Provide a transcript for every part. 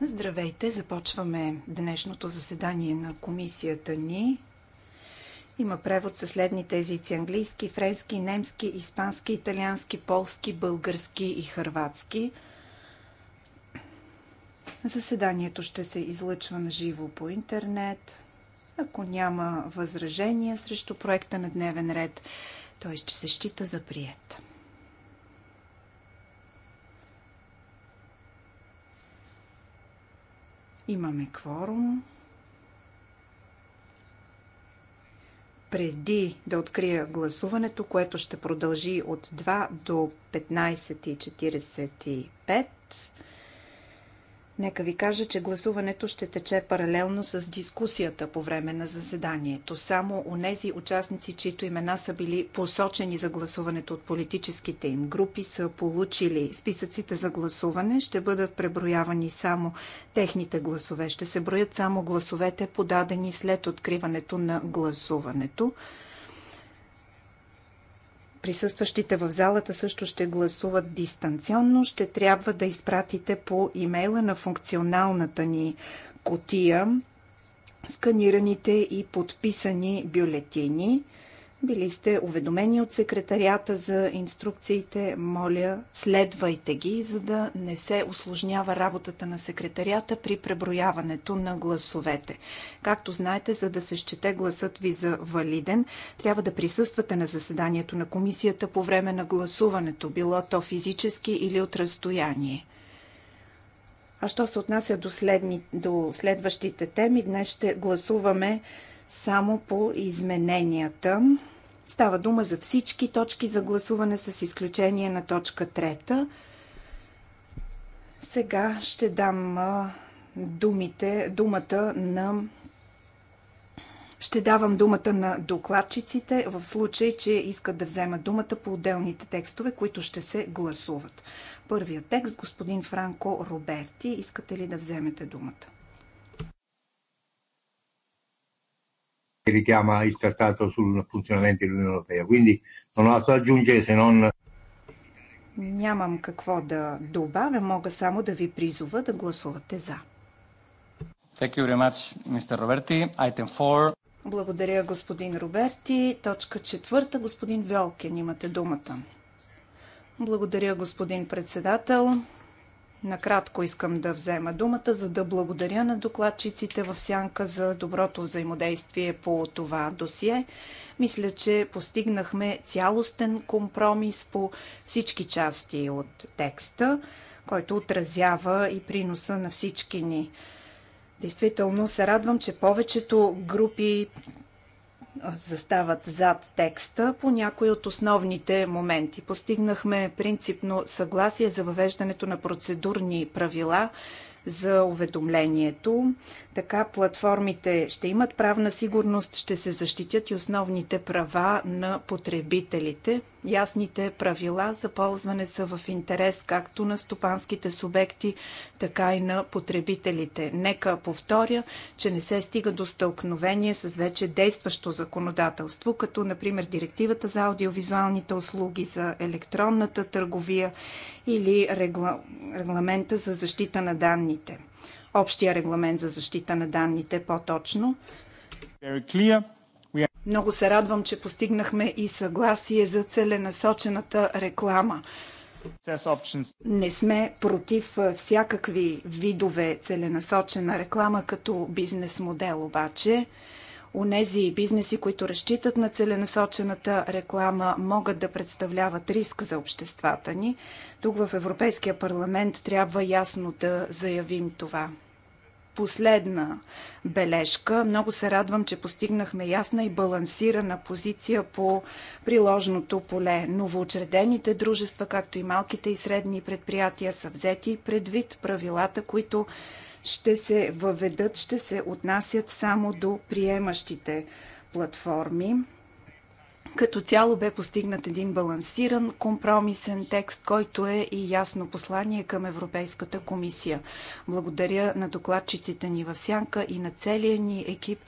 Здравейте, започваме днешното заседание на комисията ни. Има превод със следните езици английски, френски, немски, испански, италиански, полски, български и хърватски. Заседанието ще се излъчва на живо по интернет. Ако няма възражения срещу проекта на дневен ред, той ще се счита за прият. Имаме кворум. Преди да открия гласуването, което ще продължи от 2 до 15.45, Нека ви кажа, че гласуването ще тече паралелно с дискусията по време на заседанието. Само у нези участници, чието имена са били посочени за гласуването от политическите им групи, са получили списъците за гласуване. Ще бъдат преброявани само техните гласове. Ще се броят само гласовете, подадени след откриването на гласуването. Присъстващите в залата също ще гласуват дистанционно. Ще трябва да изпратите по имейла на функционалната ни котия сканираните и подписани бюлетини. Били сте уведомени от секретарията за инструкциите. Моля, следвайте ги, за да не се осложнява работата на секретарията при преброяването на гласовете. Както знаете, за да се счете гласът ви за валиден, трябва да присъствате на заседанието на комисията по време на гласуването, било то физически или от разстояние. А що се отнася до, следни, до следващите теми, днес ще гласуваме само по измененията. Става дума за всички точки за гласуване с изключение на точка трета. Сега ще дам думите, думата на ще давам думата на докладчиците в случай, че искат да вземат думата по отделните текстове, които ще се гласуват. Първият текст, господин Франко Роберти, искате ли да вземете думата? che richiama il trattato sul funzionamento dell'Unione Europea. Quindi non ho altro da aggiungere se non Нямам какво да добавя, мога само да ви призова да гласувате за. Thank you very much, Mr. Roberti. Item 4. Благодаря, господин Роберти. Точка четвърта, господин Велкен, имате думата. Благодаря, господин председател. Накратко искам да взема думата, за да благодаря на докладчиците в Сянка за доброто взаимодействие по това досие. Мисля, че постигнахме цялостен компромис по всички части от текста, който отразява и приноса на всички ни. Действително се радвам, че повечето групи застават зад текста по някои от основните моменти. Постигнахме принципно съгласие за въвеждането на процедурни правила за уведомлението. Така платформите ще имат правна сигурност, ще се защитят и основните права на потребителите. Ясните правила за ползване са в интерес както на стопанските субекти, така и на потребителите. Нека повторя, че не се стига до стълкновение с вече действащо законодателство, като например директивата за аудиовизуалните услуги, за електронната търговия или регла... регламента за защита на данните данните. Общия регламент за защита на данните по-точно. Много се радвам, че постигнахме и съгласие за целенасочената реклама. Не сме против всякакви видове целенасочена реклама като бизнес модел, обаче Унези бизнеси, които разчитат на целенасочената реклама, могат да представляват риск за обществата ни. Тук в Европейския парламент трябва ясно да заявим това последна бележка. Много се радвам, че постигнахме ясна и балансирана позиция по приложното поле. Новоочредените дружества, както и малките и средни предприятия, са взети предвид правилата, които ще се въведат, ще се отнасят само до приемащите платформи. Като цяло бе постигнат един балансиран, компромисен текст, който е и ясно послание към Европейската комисия. Благодаря на докладчиците ни в Сянка и на целия ни екип,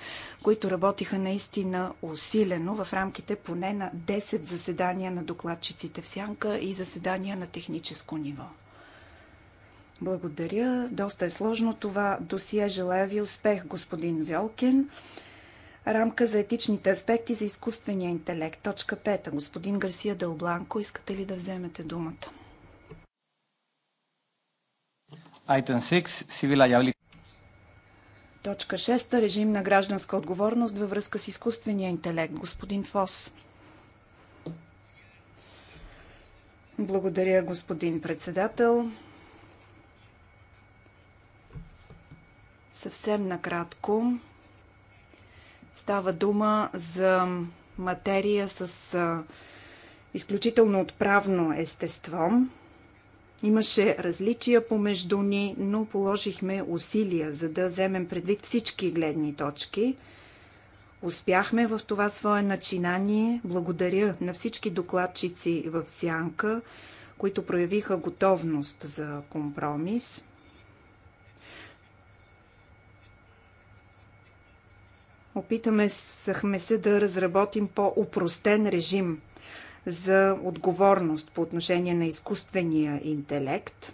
които работиха наистина усилено в рамките поне на 10 заседания на докладчиците в Сянка и заседания на техническо ниво. Благодаря. Доста е сложно това досие. Желая ви успех, господин Велкин. Рамка за етичните аспекти за изкуствения интелект. Точка 5. Господин Гарсия Дълбланко, искате ли да вземете думата? Item 6. Сивила Явлик. Точка 6. Режим на гражданска отговорност във връзка с изкуствения интелект. Господин Фос. Благодаря, господин председател. Съвсем накратко става дума за материя с изключително отправно естество. Имаше различия помежду ни, но положихме усилия, за да вземем предвид всички гледни точки. Успяхме в това свое начинание. Благодаря на всички докладчици в Сянка, които проявиха готовност за компромис – Опитаме сахме се да разработим по-упростен режим за отговорност по отношение на изкуствения интелект.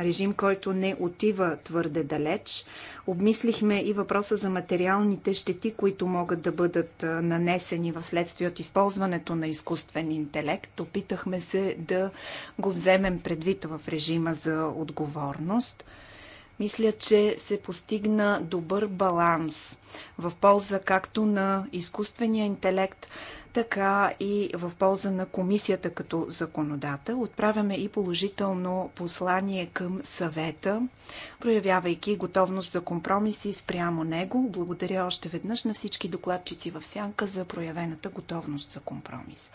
Режим, който не отива твърде далеч. Обмислихме и въпроса за материалните щети, които могат да бъдат нанесени в следствие от използването на изкуствен интелект. Опитахме се да го вземем предвид в режима за отговорност – мисля, че се постигна добър баланс в полза както на изкуствения интелект, така и в полза на комисията като законодател. Отправяме и положително послание към съвета, проявявайки готовност за компромиси спрямо него. Благодаря още веднъж на всички докладчици в Сянка за проявената готовност за компромис.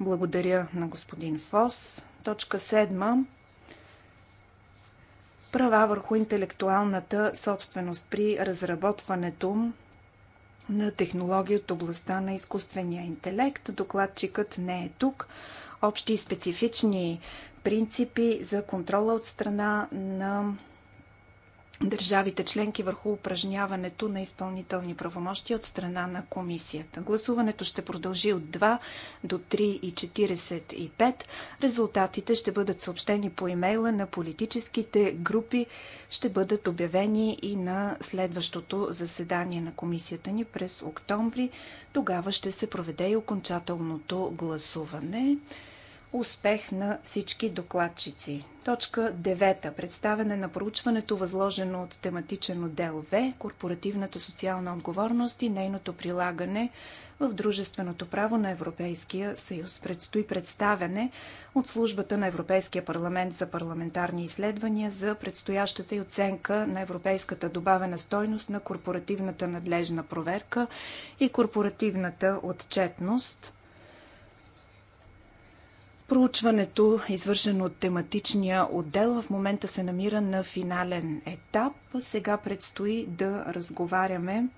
Благодаря на господин Фос. Точка 7 права върху интелектуалната собственост при разработването на технологии от областта на изкуствения интелект. Докладчикът не е тук. Общи и специфични принципи за контрола от страна на държавите членки върху упражняването на изпълнителни правомощи от страна на комисията. Гласуването ще продължи от 2 до 3.45. Резултатите ще бъдат съобщени по имейла на политическите групи, ще бъдат обявени и на следващото заседание на комисията ни през октомври. Тогава ще се проведе и окончателното гласуване. Успех на всички докладчици. Точка 9. Представяне на проучването, възложено от тематичен отдел В, корпоративната социална отговорност и нейното прилагане в дружественото право на Европейския съюз. Предстои представяне от службата на Европейския парламент за парламентарни изследвания за предстоящата и оценка на европейската добавена стойност на корпоративната надлежна проверка и корпоративната отчетност – Проучването, извършено от тематичния отдел, в момента се намира на финален етап. Сега предстои да разговаряме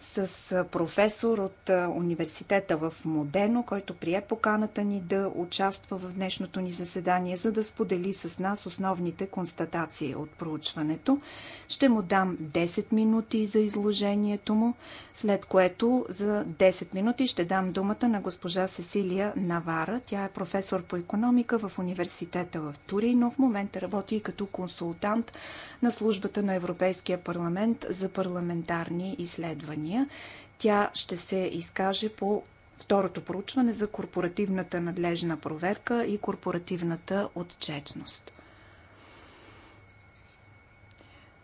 с професор от университета в Модено, който прие поканата ни да участва в днешното ни заседание, за да сподели с нас основните констатации от проучването. Ще му дам 10 минути за изложението му, след което за 10 минути ще дам думата на госпожа Сесилия Навара. Тя е професор по економика в университета в Турин, но в момента работи и като консултант на службата на Европейския парламент за парламентарни изследвания изследвания. Тя ще се изкаже по второто проучване за корпоративната надлежна проверка и корпоративната отчетност.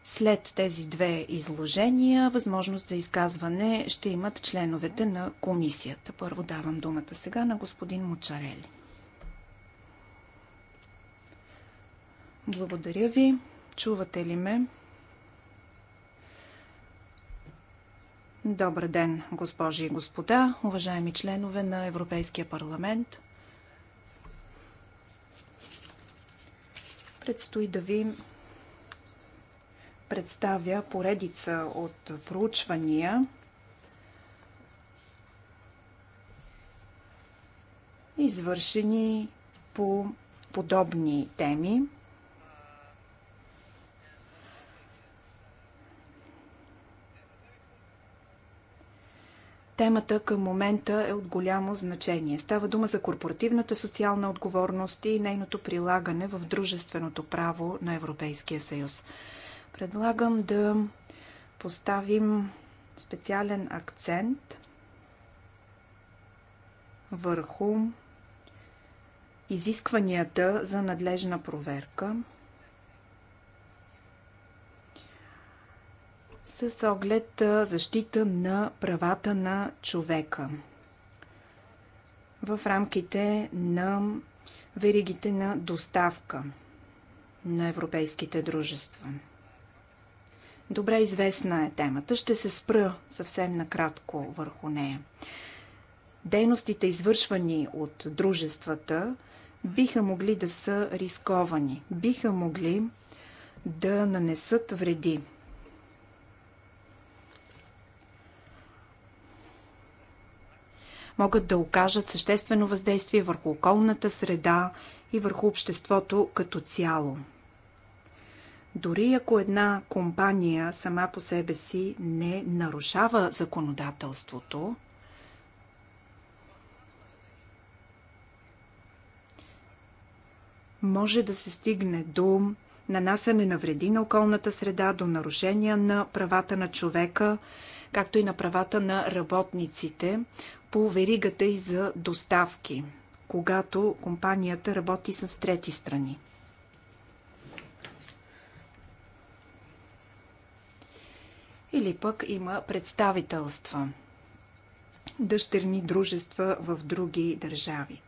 След тези две изложения, възможност за изказване ще имат членовете на комисията. Първо давам думата сега на господин Мочарели. Благодаря ви. Чувате ли ме? Добър ден, госпожи и господа, уважаеми членове на Европейския парламент. Предстои да ви представя поредица от проучвания извършени по подобни теми – Темата към момента е от голямо значение. Става дума за корпоративната социална отговорност и нейното прилагане в дружественото право на Европейския съюз. Предлагам да поставим специален акцент върху изискванията за надлежна проверка, с оглед защита на правата на човека в рамките на веригите на доставка на европейските дружества. Добре известна е темата. Ще се спра съвсем накратко върху нея. Дейностите, извършвани от дружествата, биха могли да са рисковани, биха могли да нанесат вреди могат да окажат съществено въздействие върху околната среда и върху обществото като цяло. Дори ако една компания сама по себе си не нарушава законодателството, може да се стигне до нанасяне на вреди на околната среда, до нарушения на правата на човека както и на правата на работниците по веригата и за доставки, когато компанията работи с трети страни. Или пък има представителства, дъщерни дружества в други държави.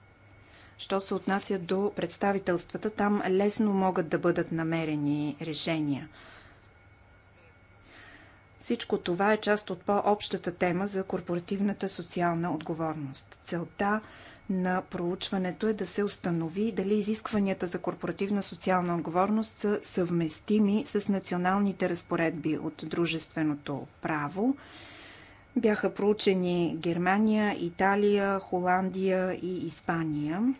Що се отнася до представителствата, там лесно могат да бъдат намерени решения – всичко това е част от по-общата тема за корпоративната социална отговорност. Целта на проучването е да се установи дали изискванията за корпоративна социална отговорност са съвместими с националните разпоредби от дружественото право. Бяха проучени Германия, Италия, Холандия и Испания.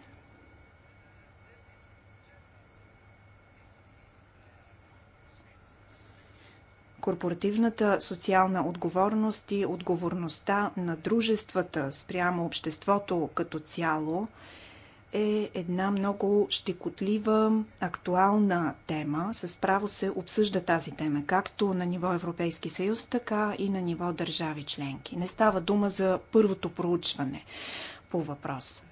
Корпоративната социална отговорност и отговорността на дружествата спрямо обществото като цяло е една много щекотлива, актуална тема. С право се обсъжда тази тема, както на ниво Европейски съюз, така и на ниво държави членки. Не става дума за първото проучване по въпроса.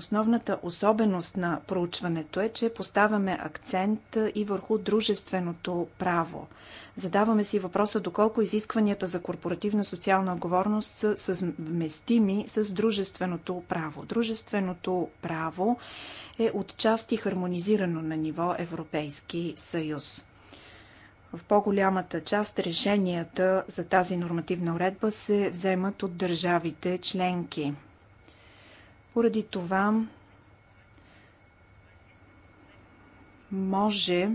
Основната особеност на проучването е, че поставяме акцент и върху дружественото право. Задаваме си въпроса доколко изискванията за корпоративна социална отговорност са съвместими с дружественото право. Дружественото право е отчасти хармонизирано на ниво Европейски съюз. В по-голямата част решенията за тази нормативна уредба се вземат от държавите членки. Поради това може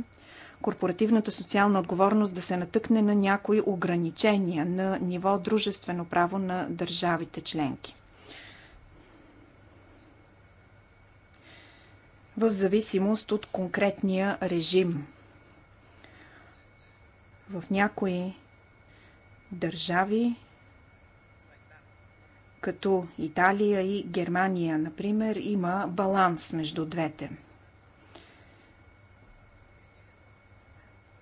корпоративната социална отговорност да се натъкне на някои ограничения на ниво дружествено право на държавите членки. В зависимост от конкретния режим. В някои държави като Италия и Германия, например, има баланс между двете.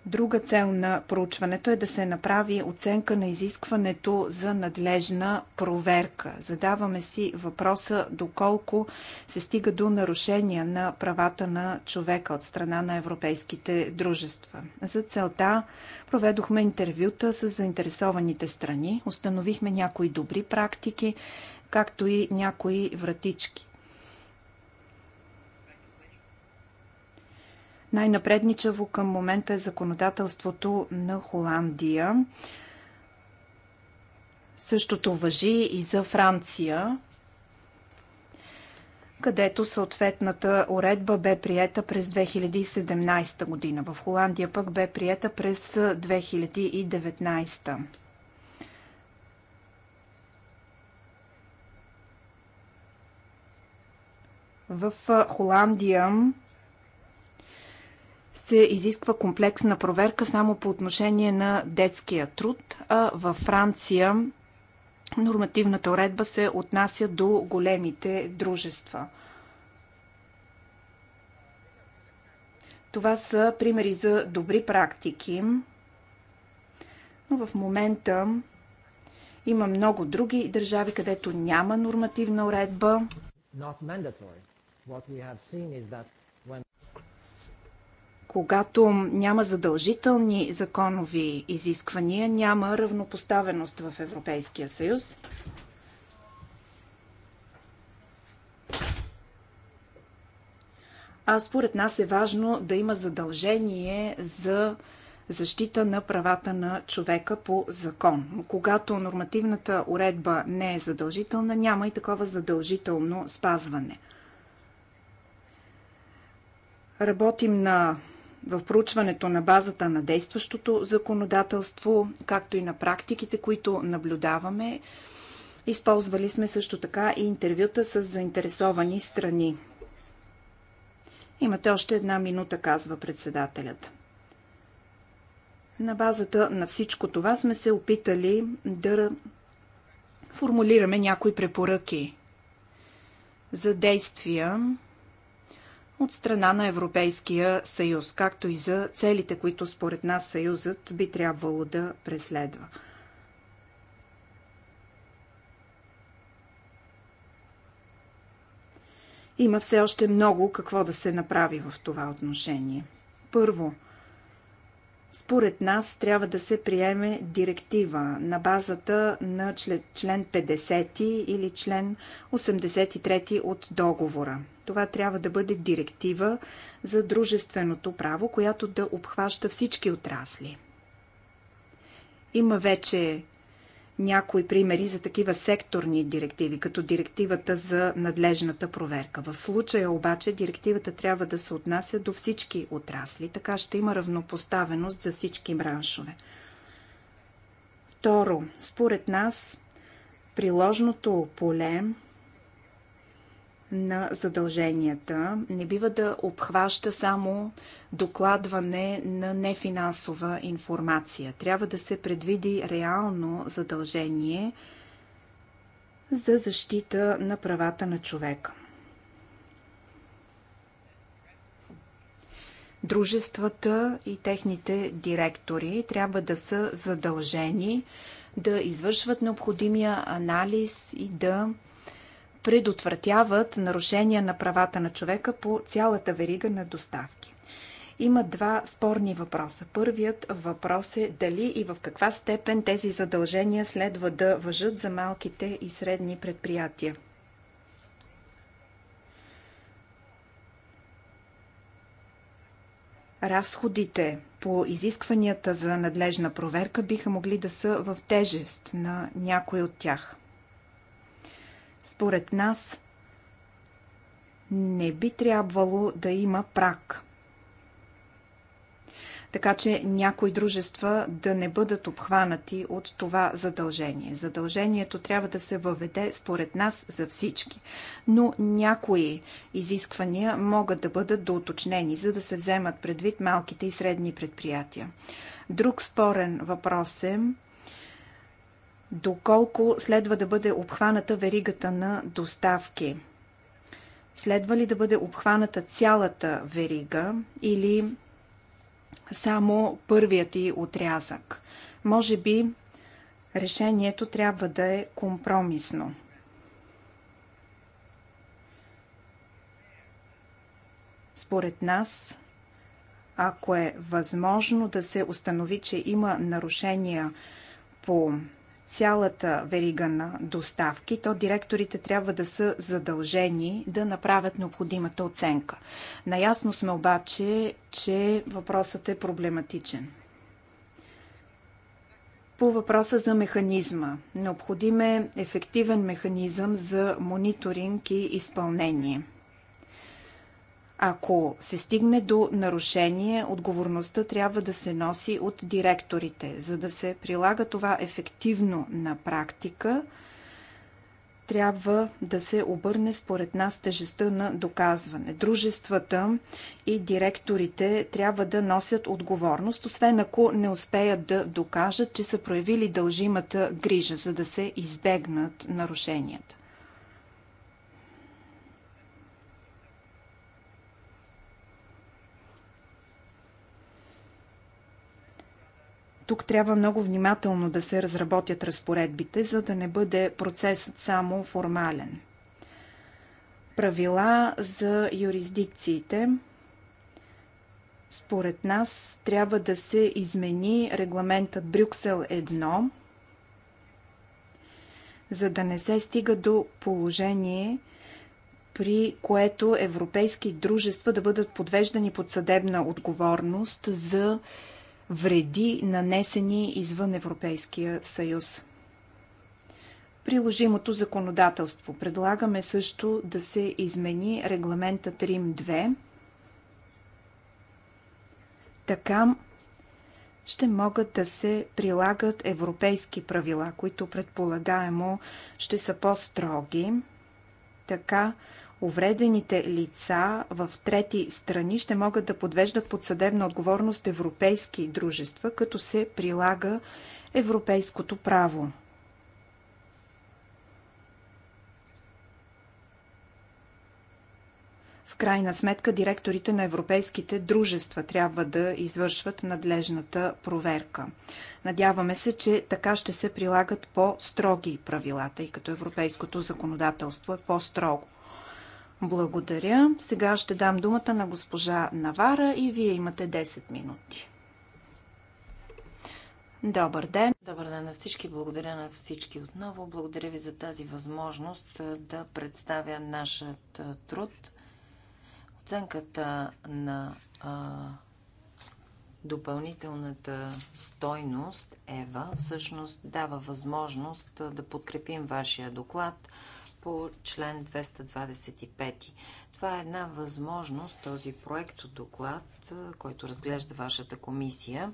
Друга цел на проучването е да се направи оценка на изискването за надлежна проверка. Задаваме си въпроса доколко се стига до нарушения на правата на човека от страна на европейските дружества. За целта проведохме интервюта с заинтересованите страни, установихме някои добри практики, както и някои вратички. Най-напредничаво към момента е законодателството на Холандия. Същото въжи и за Франция, където съответната уредба бе приета през 2017 година. В Холандия пък бе приета през 2019. В Холандия се изисква комплексна проверка само по отношение на детския труд, а във Франция нормативната уредба се отнася до големите дружества. Това са примери за добри практики, но в момента има много други държави, където няма нормативна уредба. Когато няма задължителни законови изисквания, няма равнопоставеност в Европейския съюз. А според нас е важно да има задължение за защита на правата на човека по закон. Когато нормативната уредба не е задължителна, няма и такова задължително спазване. Работим на в проучването на базата на действащото законодателство, както и на практиките, които наблюдаваме, използвали сме също така и интервюта с заинтересовани страни. Имате още една минута, казва председателят. На базата на всичко това сме се опитали да формулираме някои препоръки за действия, от страна на Европейския съюз, както и за целите, които според нас съюзът би трябвало да преследва. Има все още много какво да се направи в това отношение. Първо, според нас трябва да се приеме директива на базата на член 50 или член 83 от договора. Това трябва да бъде директива за дружественото право, която да обхваща всички отрасли. Има вече някои примери за такива секторни директиви, като директивата за надлежната проверка. В случая обаче директивата трябва да се отнася до всички отрасли, така ще има равнопоставеност за всички браншове. Второ, според нас приложното поле на задълженията не бива да обхваща само докладване на нефинансова информация. Трябва да се предвиди реално задължение за защита на правата на човека. Дружествата и техните директори трябва да са задължени да извършват необходимия анализ и да предотвратяват нарушения на правата на човека по цялата верига на доставки. Има два спорни въпроса. Първият въпрос е дали и в каква степен тези задължения следва да въжат за малките и средни предприятия. разходите по изискванията за надлежна проверка биха могли да са в тежест на някой от тях. Според нас не би трябвало да има прак. Така че някои дружества да не бъдат обхванати от това задължение. Задължението трябва да се въведе според нас за всички, но някои изисквания могат да бъдат доуточнени, за да се вземат предвид малките и средни предприятия. Друг спорен въпрос е доколко следва да бъде обхваната веригата на доставки. Следва ли да бъде обхваната цялата верига или само първият и отрязък? Може би решението трябва да е компромисно. Според нас, ако е възможно да се установи, че има нарушения по цялата верига на доставки, то директорите трябва да са задължени да направят необходимата оценка. Наясно сме обаче, че въпросът е проблематичен. По въпроса за механизма. Необходим е ефективен механизъм за мониторинг и изпълнение – ако се стигне до нарушение, отговорността трябва да се носи от директорите. За да се прилага това ефективно на практика, трябва да се обърне според нас тежестта на доказване. Дружествата и директорите трябва да носят отговорност, освен ако не успеят да докажат, че са проявили дължимата грижа, за да се избегнат нарушенията. Тук трябва много внимателно да се разработят разпоредбите, за да не бъде процесът само формален. Правила за юрисдикциите. Според нас трябва да се измени регламентът Брюксел 1, за да не се стига до положение, при което европейски дружества да бъдат подвеждани под съдебна отговорност за вреди, нанесени извън Европейския съюз. Приложимото законодателство. Предлагаме също да се измени регламентът Рим 2. Така ще могат да се прилагат европейски правила, които предполагаемо ще са по-строги. Така увредените лица в трети страни ще могат да подвеждат под съдебна отговорност европейски дружества, като се прилага европейското право. В крайна сметка директорите на европейските дружества трябва да извършват надлежната проверка. Надяваме се, че така ще се прилагат по-строги правила, тъй като европейското законодателство е по-строго. Благодаря. Сега ще дам думата на госпожа Навара и вие имате 10 минути. Добър ден! Добър ден на всички! Благодаря на всички отново. Благодаря ви за тази възможност да представя нашият труд. Оценката на а, допълнителната стойност ЕВА всъщност дава възможност да подкрепим вашия доклад – по член 225. Това е една възможност, този проект от доклад, който разглежда вашата комисия,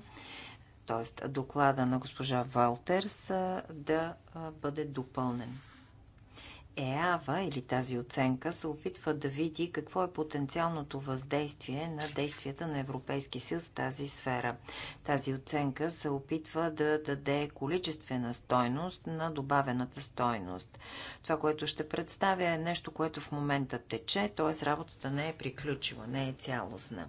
т.е. доклада на госпожа Валтерс, да бъде допълнен. ЕАВА или тази оценка се опитва да види какво е потенциалното въздействие на действията на Европейски съюз в тази сфера. Тази оценка се опитва да даде количествена стойност на добавената стойност. Това, което ще представя е нещо, което в момента тече, т.е. работата не е приключила, не е цялостна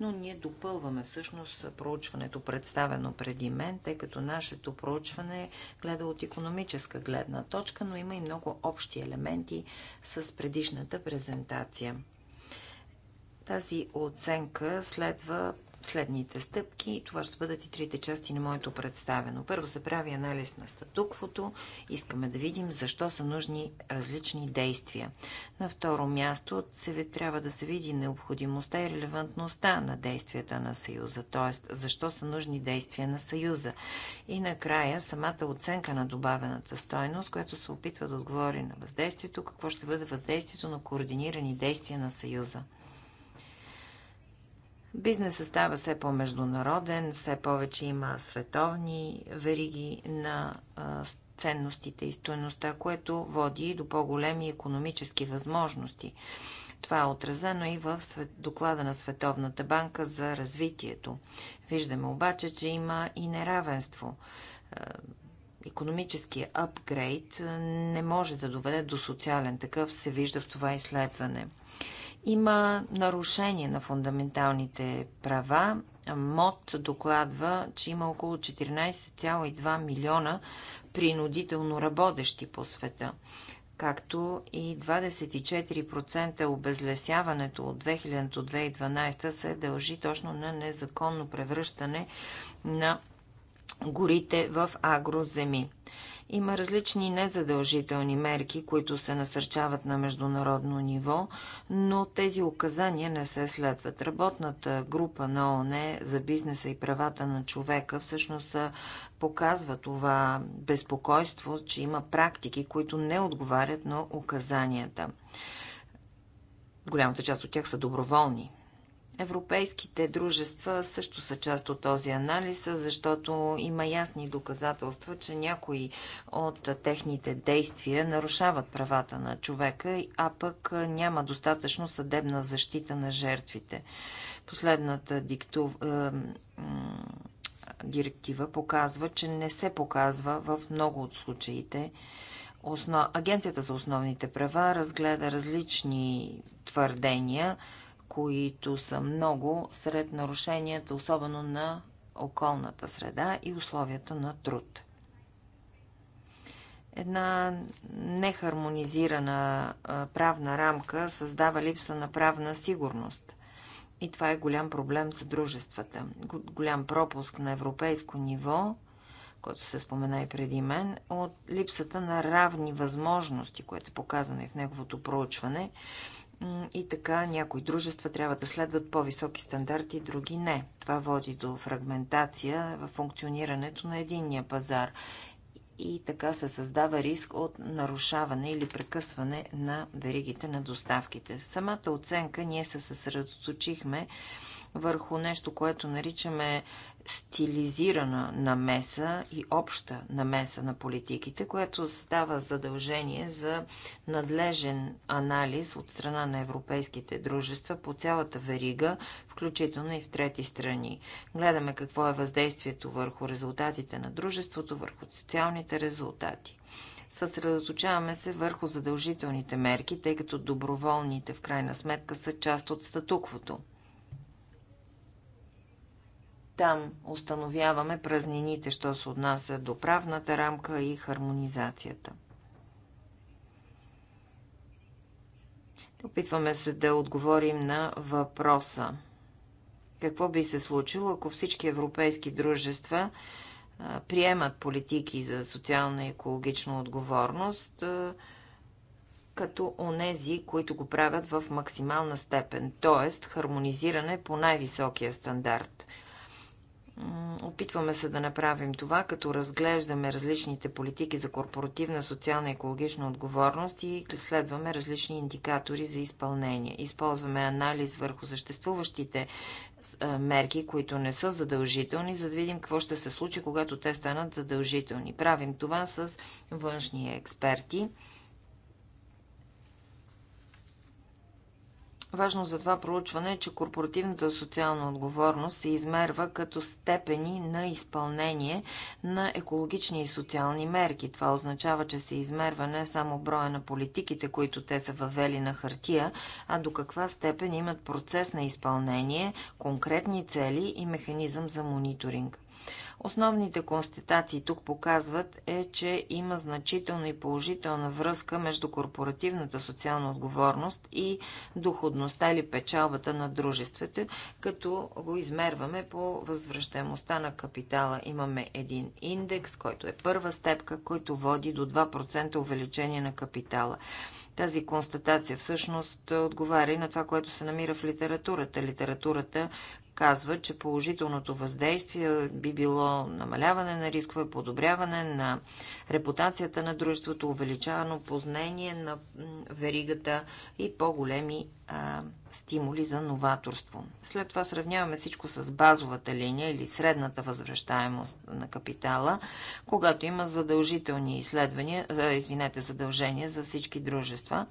но ние допълваме всъщност проучването представено преди мен, тъй като нашето проучване гледа от економическа гледна точка, но има и много общи елементи с предишната презентация. Тази оценка следва следните стъпки. Това ще бъдат и трите части на моето представено. Първо се прави анализ на статуквото. Искаме да видим защо са нужни различни действия. На второ място се трябва да се види необходимостта и релевантността на действията на Съюза, т.е. защо са нужни действия на Съюза. И накрая самата оценка на добавената стойност, която се опитва да отговори на въздействието, какво ще бъде въздействието на координирани действия на Съюза. Бизнесът става все по-международен, все повече има световни вериги на ценностите и стоеността, което води до по-големи економически възможности. Това е отразено и в доклада на Световната банка за развитието. Виждаме обаче, че има и неравенство. Економическият апгрейд не може да доведе до социален такъв, се вижда в това изследване. Има нарушение на фундаменталните права. МОД докладва, че има около 14,2 милиона принудително работещи по света, както и 24% обезлесяването от 2000 до 2012 се дължи точно на незаконно превръщане на горите в агроземи. Има различни незадължителни мерки, които се насърчават на международно ниво, но тези указания не се следват. Работната група на ООН за бизнеса и правата на човека всъщност показва това безпокойство, че има практики, които не отговарят на указанията. Голямата част от тях са доброволни Европейските дружества също са част от този анализ, защото има ясни доказателства, че някои от техните действия нарушават правата на човека, а пък няма достатъчно съдебна защита на жертвите. Последната диктув... Е, директива показва, че не се показва в много от случаите. Агенцията за основните права разгледа различни твърдения – които са много сред нарушенията, особено на околната среда и условията на труд. Една нехармонизирана правна рамка създава липса на правна сигурност. И това е голям проблем за дружествата. Голям пропуск на европейско ниво, който се спомена и преди мен, от липсата на равни възможности, което е показано и в неговото проучване, и така някои дружества трябва да следват по-високи стандарти, други не. Това води до фрагментация в функционирането на единния пазар. И така се създава риск от нарушаване или прекъсване на веригите на доставките. В самата оценка ние се съсредоточихме върху нещо, което наричаме стилизирана намеса и обща намеса на политиките, което става задължение за надлежен анализ от страна на европейските дружества по цялата верига, включително и в трети страни. Гледаме какво е въздействието върху резултатите на дружеството, върху социалните резултати. Съсредоточаваме се върху задължителните мерки, тъй като доброволните в крайна сметка са част от статуквото – там установяваме празнините, що се отнася до правната рамка и хармонизацията. Опитваме се да отговорим на въпроса. Какво би се случило, ако всички европейски дружества приемат политики за социална и екологична отговорност, като онези, които го правят в максимална степен, т.е. хармонизиране по най-високия стандарт – Опитваме се да направим това, като разглеждаме различните политики за корпоративна, социална и екологична отговорност и следваме различни индикатори за изпълнение. Използваме анализ върху съществуващите мерки, които не са задължителни, за да видим какво ще се случи, когато те станат задължителни. Правим това с външни експерти Важно за това проучване е, че корпоративната социална отговорност се измерва като степени на изпълнение на екологични и социални мерки. Това означава, че се измерва не само броя на политиките, които те са въвели на хартия, а до каква степен имат процес на изпълнение, конкретни цели и механизъм за мониторинг. Основните констатации тук показват е, че има значителна и положителна връзка между корпоративната социална отговорност и доходността или печалбата на дружествата, като го измерваме по възвръщаемостта на капитала. Имаме един индекс, който е първа степка, който води до 2% увеличение на капитала. Тази констатация всъщност отговаря и на това, което се намира в литературата. Литературата казва, че положителното въздействие би било намаляване на рискове, подобряване на репутацията на дружеството, увеличавано познание на веригата и по-големи стимули за новаторство. След това сравняваме всичко с базовата линия или средната възвръщаемост на капитала, когато има задължителни изследвания, извинете, задължения за всички дружества,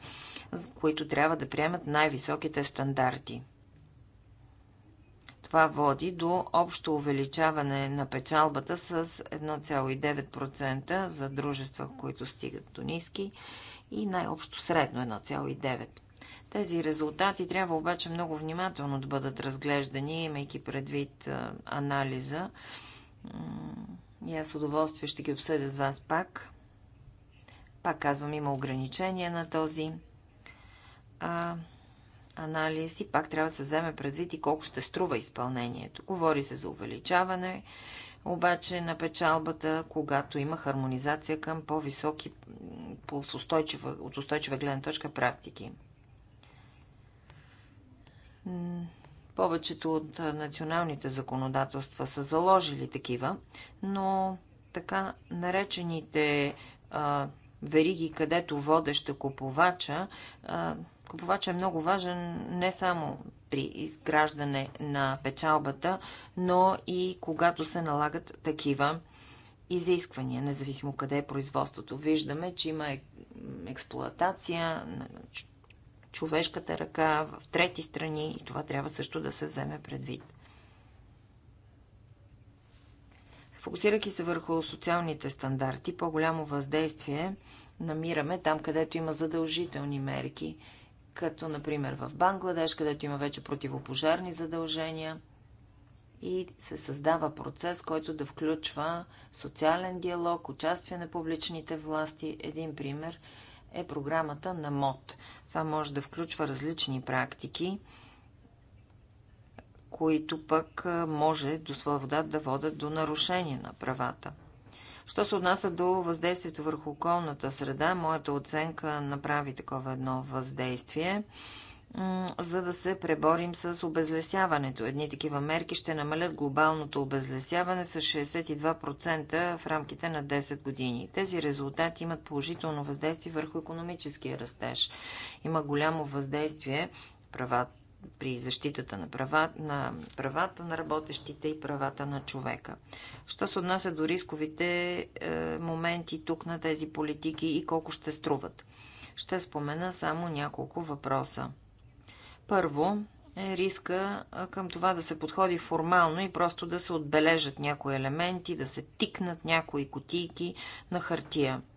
които трябва да приемат най-високите стандарти. Това води до общо увеличаване на печалбата с 1,9% за дружества, които стигат до ниски и най-общо средно 1,9%. Тези резултати трябва обаче много внимателно да бъдат разглеждани, имайки предвид анализа. И аз с удоволствие ще ги обсъдя с вас пак. Пак казвам, има ограничения на този а, анализ и пак трябва да се вземе предвид и колко ще струва изпълнението. Говори се за увеличаване, обаче на печалбата, когато има хармонизация към по-високи, по устойчива, от устойчива гледна точка практики. Повечето от националните законодателства са заложили такива, но така наречените а, вериги, където водеща купувача, а, купувача е много важен не само при изграждане на печалбата, но и когато се налагат такива изисквания, независимо къде е производството. Виждаме, че има е, експлоатация на човешката ръка в трети страни и това трябва също да се вземе предвид. Фокусирайки се върху социалните стандарти, по-голямо въздействие намираме там, където има задължителни мерки – като например в Бангладеш, където има вече противопожарни задължения и се създава процес, който да включва социален диалог, участие на публичните власти. Един пример е програмата на МОД. Това може да включва различни практики, които пък може до своя вода да водят до нарушение на правата. Що се отнася до въздействието върху околната среда, моята оценка направи такова едно въздействие за да се преборим с обезлесяването. Едни такива мерки ще намалят глобалното обезлесяване с 62% в рамките на 10 години. Тези резултати имат положително въздействие върху економическия растеж. Има голямо въздействие правата при защитата на, права, на правата на работещите и правата на човека. Що се отнася до рисковите е, моменти тук на тези политики и колко ще струват? Ще спомена само няколко въпроса. Първо е риска е, към това да се подходи формално и просто да се отбележат някои елементи, да се тикнат някои котийки на хартия –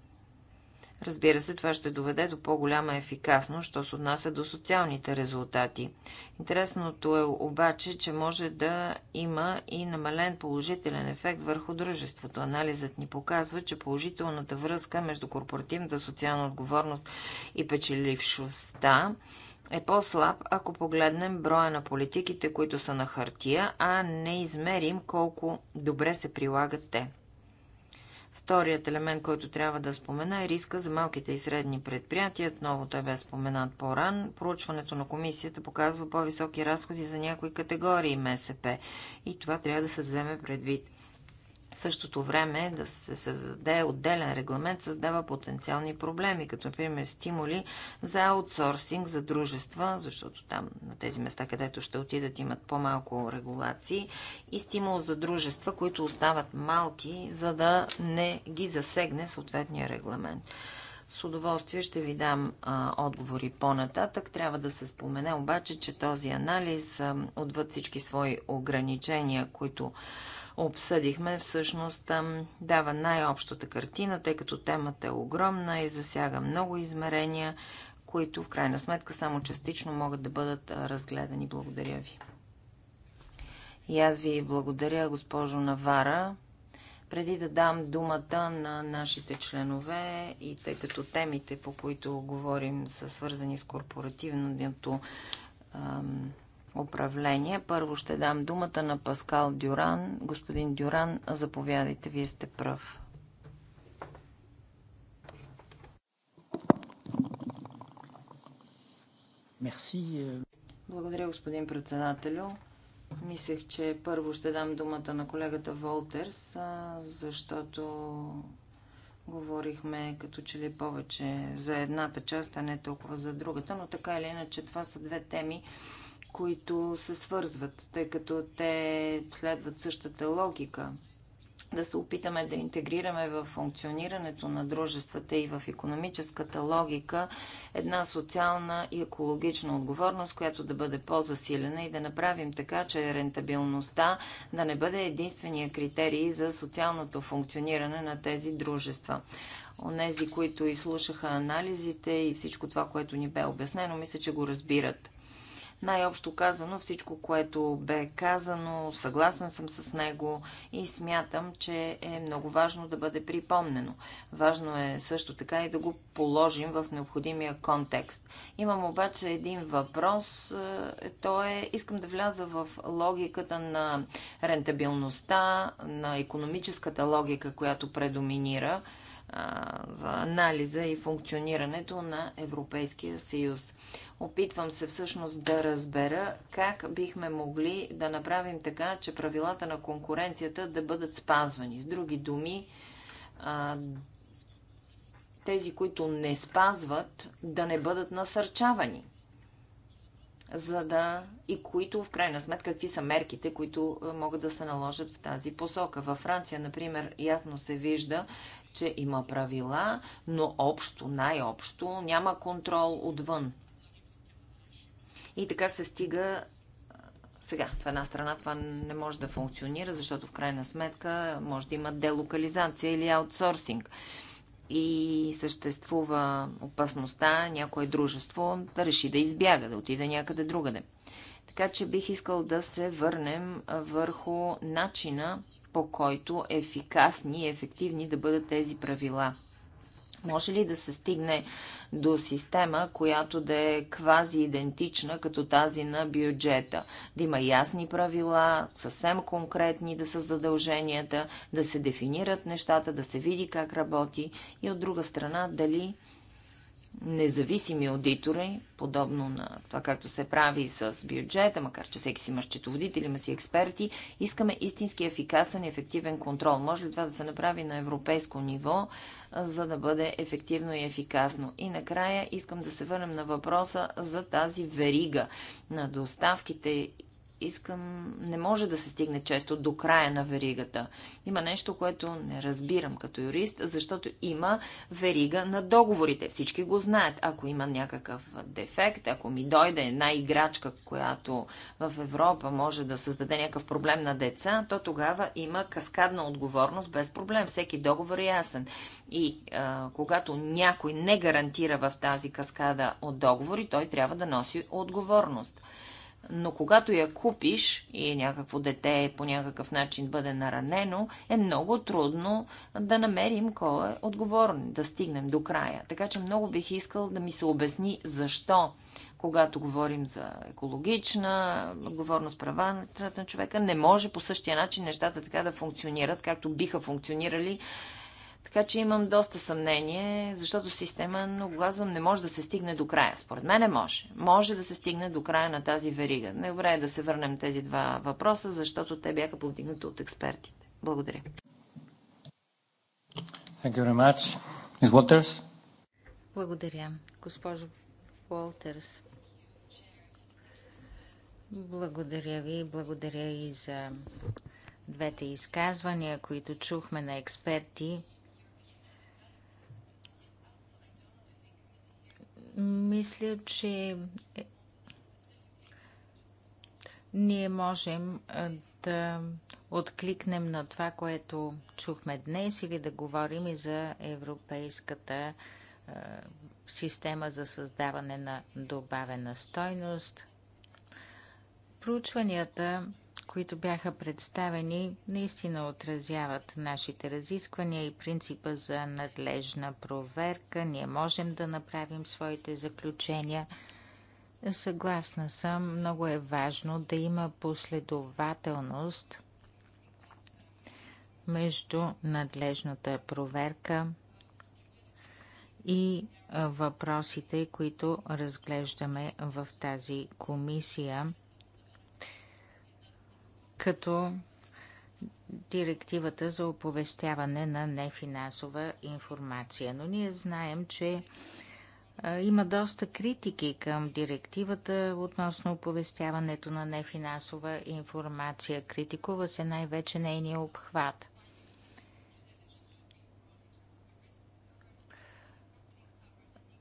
Разбира се, това ще доведе до по-голяма ефикасност, що се отнася до социалните резултати. Интересното е обаче, че може да има и намален положителен ефект върху дружеството. Анализът ни показва, че положителната връзка между корпоративната социална отговорност и печелившостта е по-слаб, ако погледнем броя на политиките, които са на хартия, а не измерим колко добре се прилагат те. Вторият елемент, който трябва да спомена е риска за малките и средни предприятия. Отново той бе споменат по-ран. Проучването на комисията показва по-високи разходи за някои категории МСП и това трябва да се вземе предвид. В същото време да се създаде отделен регламент създава потенциални проблеми, като например стимули за аутсорсинг за дружества, защото там на тези места, където ще отидат, имат по-малко регулации и стимул за дружества, които остават малки, за да не ги засегне съответния регламент. С удоволствие ще ви дам а, отговори по-нататък. Трябва да се спомене обаче, че този анализ а, отвъд всички свои ограничения, които обсъдихме, всъщност дава най-общата картина, тъй като темата е огромна и засяга много измерения, които в крайна сметка само частично могат да бъдат разгледани. Благодаря ви. И аз ви благодаря, госпожо Навара. Преди да дам думата на нашите членове и тъй като темите, по които говорим, са свързани с корпоративното управление. Първо ще дам думата на Паскал Дюран. Господин Дюран, заповядайте, вие сте прав. Мерси. Благодаря, господин председателю. Мислех, че първо ще дам думата на колегата Волтерс, защото говорихме като че ли повече за едната част, а не толкова за другата, но така или иначе това са две теми, които се свързват, тъй като те следват същата логика. Да се опитаме да интегрираме в функционирането на дружествата и в економическата логика една социална и екологична отговорност, която да бъде по-засилена и да направим така, че рентабилността да не бъде единствения критерий за социалното функциониране на тези дружества онези, които изслушаха анализите и всичко това, което ни бе обяснено, мисля, че го разбират. Най-общо казано всичко, което бе казано, съгласен съм с него и смятам, че е много важно да бъде припомнено. Важно е също така и да го положим в необходимия контекст. Имам обаче един въпрос. Е, То е, искам да вляза в логиката на рентабилността, на економическата логика, която предоминира за анализа и функционирането на Европейския съюз. Опитвам се всъщност да разбера как бихме могли да направим така, че правилата на конкуренцията да бъдат спазвани. С други думи, тези, които не спазват, да не бъдат насърчавани за да и които в крайна сметка какви са мерките, които е, могат да се наложат в тази посока. Във Франция, например, ясно се вижда, че има правила, но общо, най-общо няма контрол отвън. И така се стига е, сега, в една страна това не може да функционира, защото в крайна сметка може да има делокализация или аутсорсинг и съществува опасността някое дружество да реши да избяга, да отиде някъде другаде. Така че бих искал да се върнем върху начина по който ефикасни и ефективни да бъдат тези правила – може ли да се стигне до система, която да е квази идентична като тази на бюджета? Да има ясни правила, съвсем конкретни да са задълженията, да се дефинират нещата, да се види как работи и от друга страна дали независими аудитори, подобно на това, както се прави с бюджета, макар че всеки си има счетоводители, има си експерти, искаме истински ефикасен и ефективен контрол. Може ли това да се направи на европейско ниво, за да бъде ефективно и ефикасно? И накрая искам да се върнем на въпроса за тази верига на доставките искам, не може да се стигне често до края на веригата. Има нещо, което не разбирам като юрист, защото има верига на договорите. Всички го знаят. Ако има някакъв дефект, ако ми дойде една играчка, която в Европа може да създаде някакъв проблем на деца, то тогава има каскадна отговорност без проблем. Всеки договор е ясен. И а, когато някой не гарантира в тази каскада от договори, той трябва да носи отговорност но когато я купиш и някакво дете по някакъв начин бъде наранено, е много трудно да намерим кой е отговорен, да стигнем до края. Така че много бих искал да ми се обясни защо, когато говорим за екологична отговорност, права на човека, не може по същия начин нещата така да функционират, както биха функционирали така че имам доста съмнение, защото система, но го казвам, не може да се стигне до края. Според мен не може. Може да се стигне до края на тази верига. Добре е да се върнем тези два въпроса, защото те бяха повдигнати от експертите. Благодаря. Thank you very much. Ms. Walters? Благодаря, госпожо Уолтерс. Благодаря ви, благодаря и за двете изказвания, които чухме на експерти. Мисля, че е, ние можем е, да откликнем на това, което чухме днес или да говорим и за европейската е, система за създаване на добавена стойност. Проучванията които бяха представени, наистина отразяват нашите разисквания и принципа за надлежна проверка. Ние можем да направим своите заключения. Съгласна съм, много е важно да има последователност между надлежната проверка и въпросите, които разглеждаме в тази комисия – като директивата за оповестяване на нефинансова информация. Но ние знаем, че има доста критики към директивата относно оповестяването на нефинансова информация. Критикува се най-вече нейния обхват.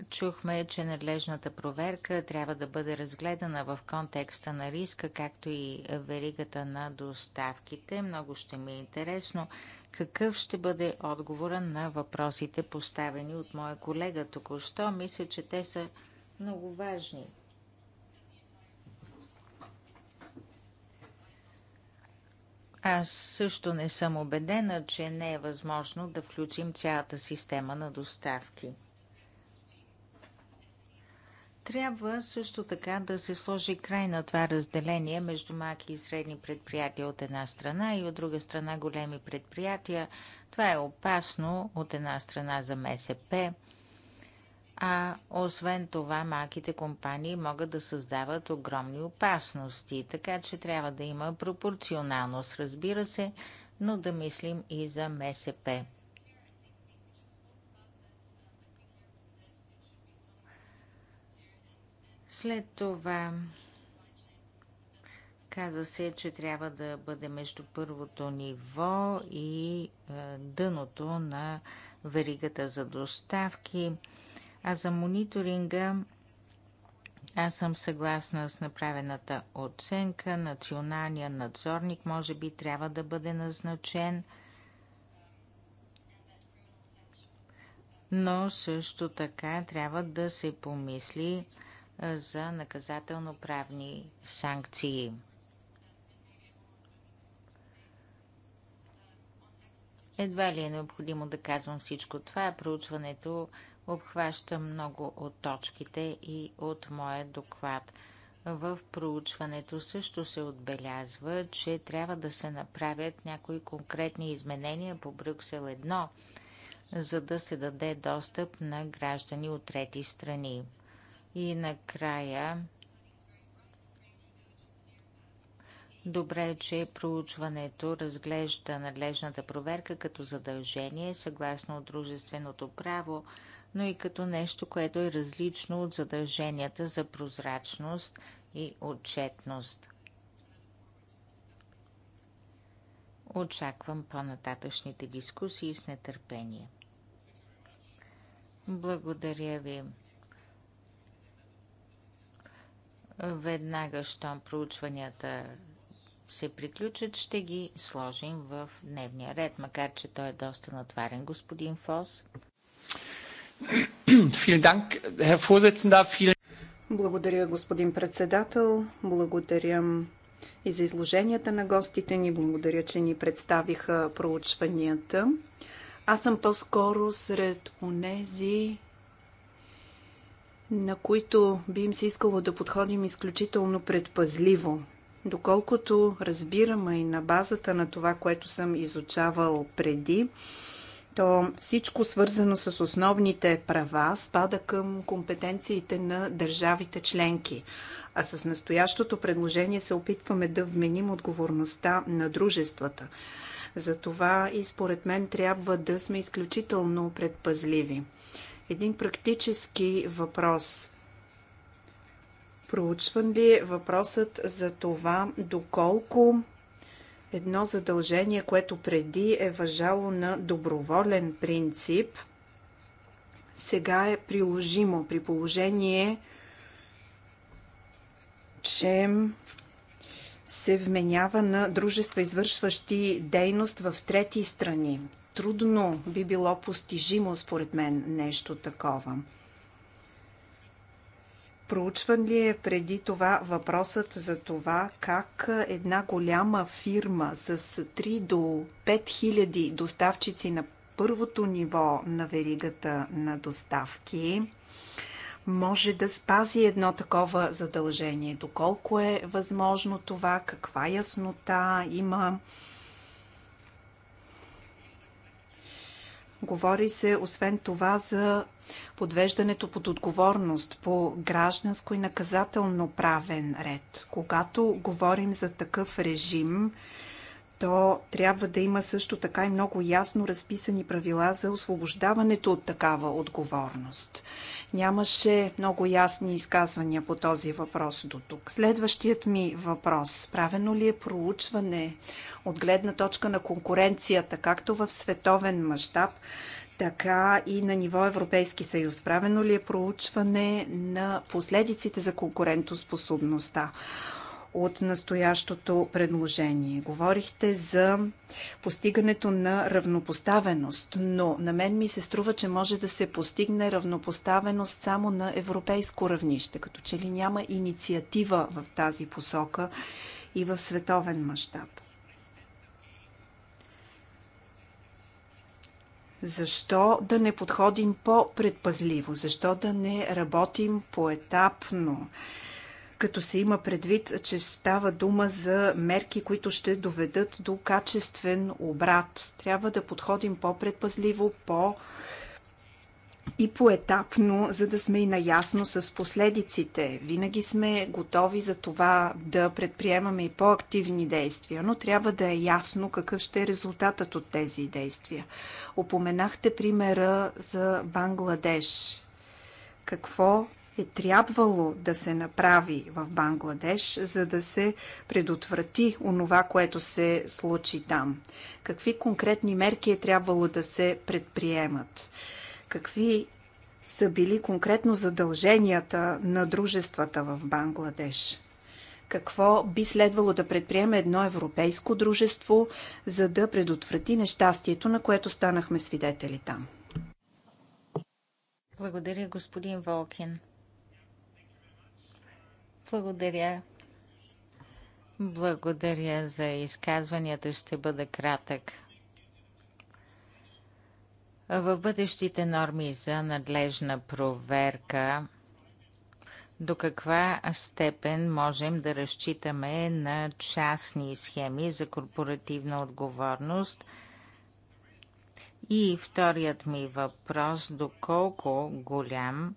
Чухме, че надлежната проверка трябва да бъде разгледана в контекста на риска, както и веригата на доставките. Много ще ми е интересно какъв ще бъде отговора на въпросите, поставени от моя колега току-що. Мисля, че те са много важни. Аз също не съм убедена, че не е възможно да включим цялата система на доставки. Трябва също така да се сложи край на това разделение между малки и средни предприятия от една страна и от друга страна големи предприятия. Това е опасно от една страна за МСП, а освен това малките компании могат да създават огромни опасности, така че трябва да има пропорционалност, разбира се, но да мислим и за МСП. След това каза се, че трябва да бъде между първото ниво и е, дъното на веригата за доставки. А за мониторинга аз съм съгласна с направената оценка. Националният надзорник може би трябва да бъде назначен, но също така трябва да се помисли за наказателно-правни санкции. Едва ли е необходимо да казвам всичко това. Проучването обхваща много от точките и от моя доклад. В проучването също се отбелязва, че трябва да се направят някои конкретни изменения по Брюксел 1, за да се даде достъп на граждани от трети страни. И накрая, добре че проучването разглежда надлежната проверка като задължение съгласно дружественото право, но и като нещо, което е различно от задълженията за прозрачност и отчетност. Очаквам по-нататъчните дискусии с нетърпение. Благодаря ви. Веднага, щом проучванията се приключат, ще ги сложим в дневния ред, макар че той е доста натварен, господин Фос. Благодаря, господин председател. Благодаря и за изложенията на гостите ни. Благодаря, че ни представиха проучванията. Аз съм по-скоро сред онези, на които би им се искало да подходим изключително предпазливо. Доколкото разбираме и на базата на това, което съм изучавал преди, то всичко свързано с основните права спада към компетенциите на държавите членки. А с настоящото предложение се опитваме да вменим отговорността на дружествата. Затова и според мен трябва да сме изключително предпазливи. Един практически въпрос. Проучван ли е въпросът за това доколко едно задължение, което преди е въжало на доброволен принцип, сега е приложимо при положение, че се вменява на дружества, извършващи дейност в трети страни трудно би било постижимо, според мен, нещо такова. Проучван ли е преди това въпросът за това как една голяма фирма с 3 до 5 хиляди доставчици на първото ниво на веригата на доставки може да спази едно такова задължение? Доколко е възможно това? Каква яснота има? Говори се освен това за подвеждането под отговорност по гражданско и наказателно правен ред. Когато говорим за такъв режим, то трябва да има също така и много ясно разписани правила за освобождаването от такава отговорност. Нямаше много ясни изказвания по този въпрос до тук. Следващият ми въпрос. Правено ли е проучване от гледна точка на конкуренцията, както в световен мащаб, така и на ниво Европейски съюз. Правено ли е проучване на последиците за конкурентоспособността от настоящото предложение. Говорихте за постигането на равнопоставеност, но на мен ми се струва, че може да се постигне равнопоставеност само на европейско равнище, като че ли няма инициатива в тази посока и в световен мащаб. Защо да не подходим по-предпазливо? Защо да не работим поетапно? етапно като се има предвид, че става дума за мерки, които ще доведат до качествен обрат. Трябва да подходим по-предпазливо, по- и поетапно, за да сме и наясно с последиците. Винаги сме готови за това да предприемаме и по-активни действия, но трябва да е ясно какъв ще е резултатът от тези действия. Опоменахте примера за Бангладеш. Какво е трябвало да се направи в Бангладеш, за да се предотврати онова, което се случи там? Какви конкретни мерки е трябвало да се предприемат? Какви са били конкретно задълженията на дружествата в Бангладеш? какво би следвало да предприеме едно европейско дружество, за да предотврати нещастието, на което станахме свидетели там. Благодаря, господин Волкин. Благодаря. Благодаря за изказванията. Ще бъда кратък. В бъдещите норми за надлежна проверка до каква степен можем да разчитаме на частни схеми за корпоративна отговорност? И вторият ми въпрос, доколко голям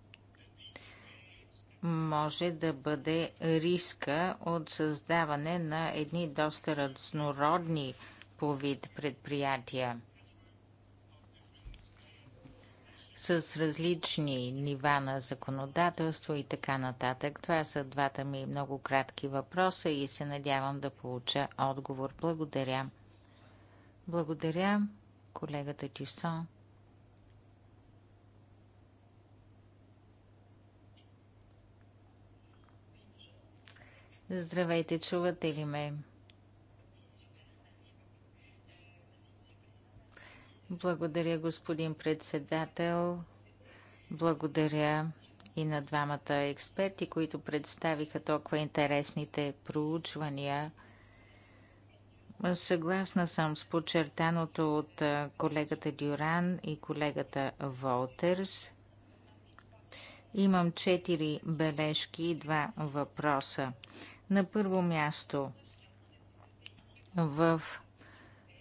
може да бъде риска от създаване на едни доста разнородни по вид предприятия с различни нива на законодателство и така нататък. Това са двата ми много кратки въпроса и се надявам да получа отговор. Благодаря. Благодаря, колегата Тюсон. Здравейте, чувате ли ме? Благодаря, господин председател. Благодаря и на двамата експерти, които представиха толкова интересните проучвания. Съгласна съм с подчертаното от колегата Дюран и колегата Волтерс. Имам четири бележки и два въпроса. На първо място, в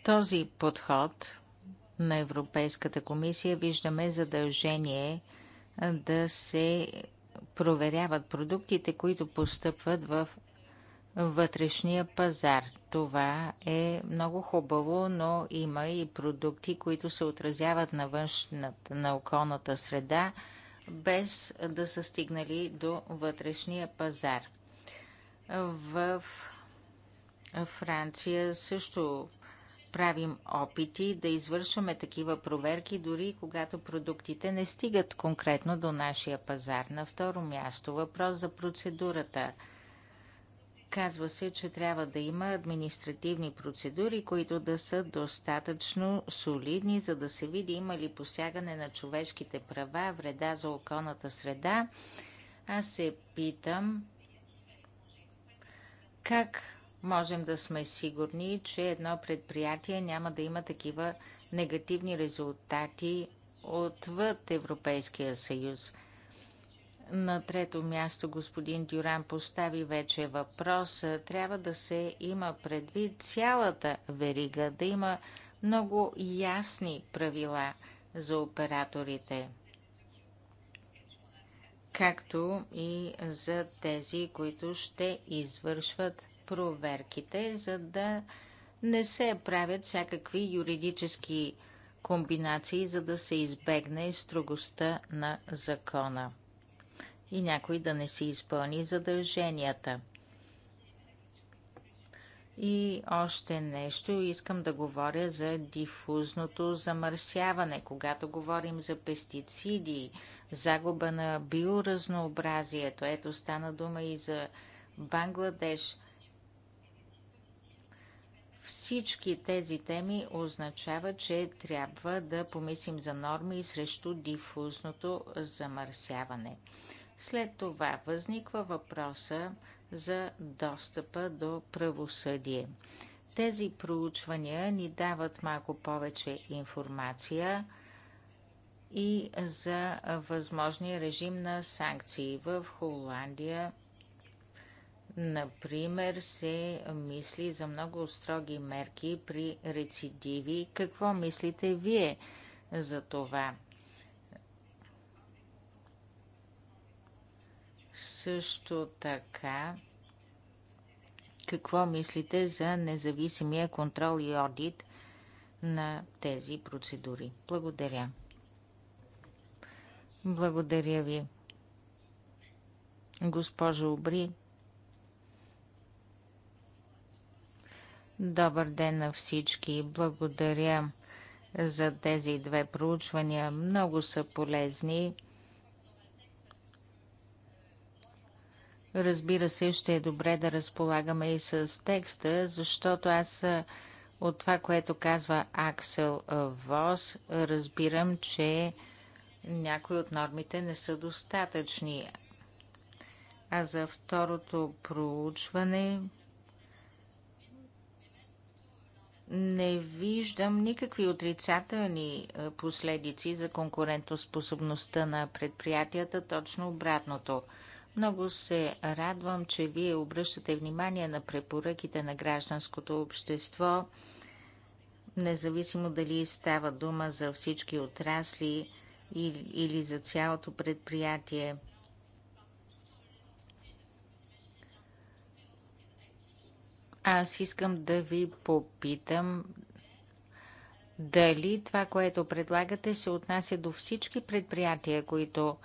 този подход на Европейската комисия виждаме задължение да се проверяват продуктите, които постъпват в вътрешния пазар. Това е много хубаво, но има и продукти, които се отразяват на външната, на околната среда, без да са стигнали до вътрешния пазар. В Франция също правим опити да извършваме такива проверки, дори когато продуктите не стигат конкретно до нашия пазар. На второ място въпрос за процедурата. Казва се, че трябва да има административни процедури, които да са достатъчно солидни, за да се види има ли посягане на човешките права, вреда за околната среда. Аз се питам, как можем да сме сигурни, че едно предприятие няма да има такива негативни резултати отвъд Европейския съюз? На трето място господин Дюран постави вече въпрос. Трябва да се има предвид цялата верига, да има много ясни правила за операторите както и за тези, които ще извършват проверките, за да не се правят всякакви юридически комбинации, за да се избегне строгостта на закона и някой да не си изпълни задълженията. И още нещо, искам да говоря за дифузното замърсяване. Когато говорим за пестициди, загуба на биоразнообразието. Ето стана дума и за Бангладеш. Всички тези теми означават, че трябва да помислим за норми срещу дифузното замърсяване. След това възниква въпроса за достъпа до правосъдие. Тези проучвания ни дават малко повече информация и за възможния режим на санкции. В Холандия, например, се мисли за много строги мерки при рецидиви. Какво мислите вие за това? Също така, какво мислите за независимия контрол и одит на тези процедури? Благодаря. Благодаря ви, госпожо Обри. Добър ден на всички. Благодаря за тези две проучвания. Много са полезни. Разбира се, ще е добре да разполагаме и с текста, защото аз от това, което казва Аксел Вос, разбирам, че някои от нормите не са достатъчни. А за второто проучване не виждам никакви отрицателни последици за конкурентоспособността на предприятията, точно обратното. Много се радвам, че вие обръщате внимание на препоръките на гражданското общество, независимо дали става дума за всички отрасли или за цялото предприятие. Аз искам да ви попитам дали това, което предлагате, се отнася до всички предприятия, които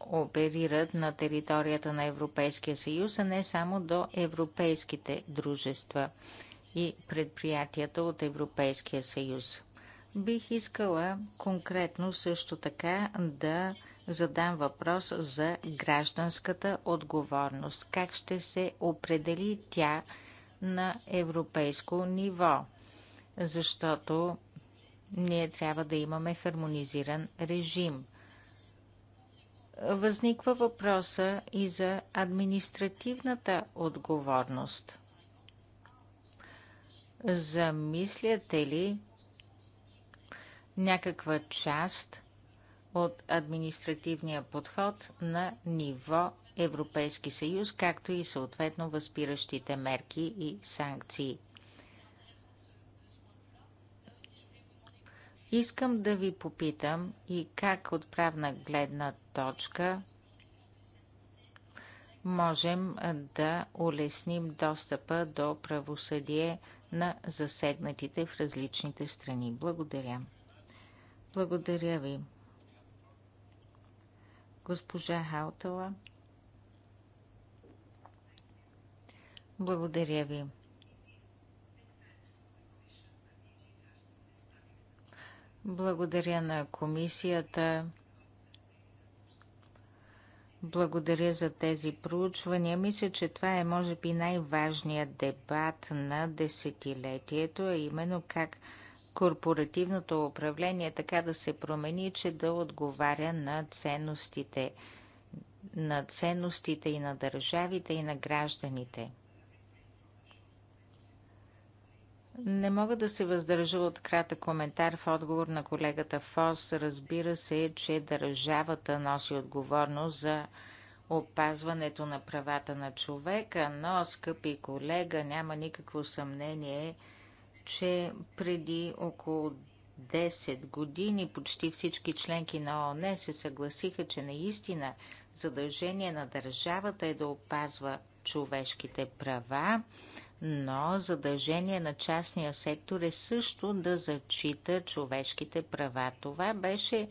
оперират на територията на Европейския съюз, а не само до европейските дружества и предприятията от Европейския съюз. Бих искала конкретно също така да задам въпрос за гражданската отговорност. Как ще се определи тя на европейско ниво? Защото ние трябва да имаме хармонизиран режим. Възниква въпроса и за административната отговорност. Замисляте ли някаква част от административния подход на ниво Европейски съюз, както и съответно възпиращите мерки и санкции. Искам да ви попитам и как от правна гледна точка можем да улесним достъпа до правосъдие на засегнатите в различните страни. Благодаря. Благодаря ви. Госпожа Хаутала. Благодаря ви. Благодаря на комисията. Благодаря за тези проучвания. Мисля, че това е може би най-важният дебат на десетилетието, а именно как корпоративното управление така да се промени, че да отговаря на ценностите, на ценностите и на държавите и на гражданите. Не мога да се въздържа от кратък коментар в отговор на колегата Фос. Разбира се, че държавата носи отговорност за опазването на правата на човека, но, скъпи колега, няма никакво съмнение – че преди около 10 години почти всички членки на ООН се съгласиха, че наистина задължение на държавата е да опазва човешките права, но задължение на частния сектор е също да зачита човешките права. Това беше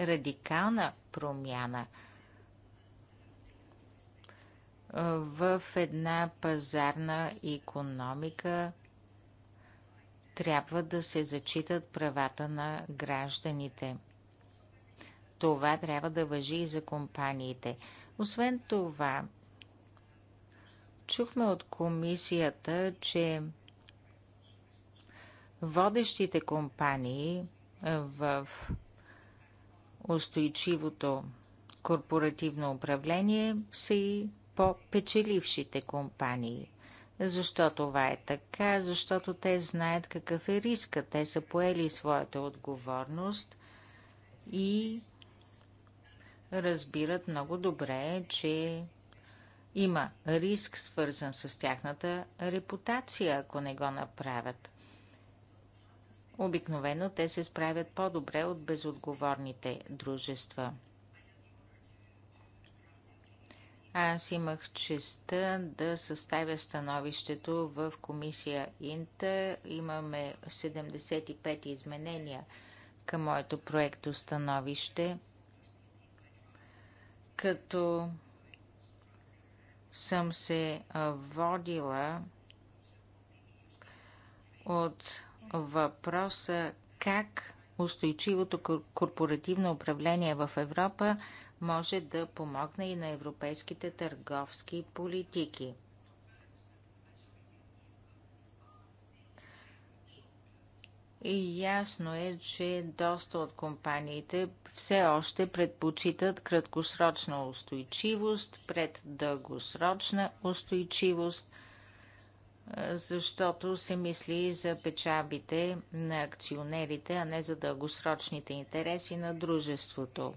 радикална промяна в една пазарна економика, трябва да се зачитат правата на гражданите. Това трябва да въжи и за компаниите. Освен това, чухме от комисията, че водещите компании в устойчивото корпоративно управление са и по-печелившите компании. Защо това е така? Защото те знаят какъв е риска. Те са поели своята отговорност и разбират много добре, че има риск свързан с тяхната репутация, ако не го направят. Обикновено те се справят по-добре от безотговорните дружества. Аз имах честа да съставя становището в комисия Инта. Имаме 75 изменения към моето проекто становище, като съм се водила от въпроса как устойчивото корпоративно управление в Европа може да помогне и на европейските търговски политики. И ясно е, че доста от компаниите все още предпочитат краткосрочна устойчивост пред дългосрочна устойчивост, защото се мисли за печабите на акционерите, а не за дългосрочните интереси на дружеството.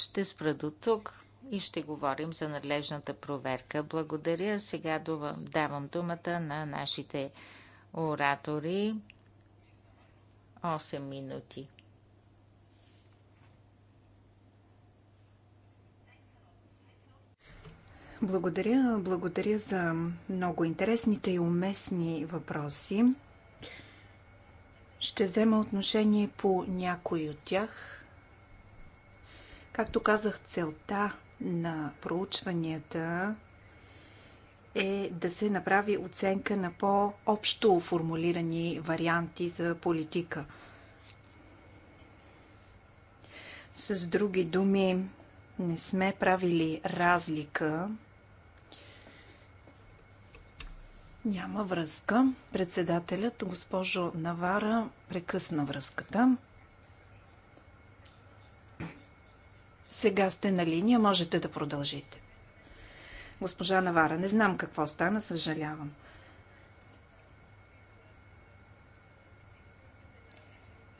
Ще спра до тук и ще говорим за надлежната проверка. Благодаря. Сега давам думата на нашите оратори. 8 минути. Благодаря. Благодаря за много интересните и уместни въпроси. Ще взема отношение по някои от тях. Както казах, целта на проучванията е да се направи оценка на по-общо формулирани варианти за политика. С други думи, не сме правили разлика. Няма връзка. Председателят, госпожо Навара, прекъсна връзката. Сега сте на линия, можете да продължите. Госпожа Навара, не знам какво стана, съжалявам.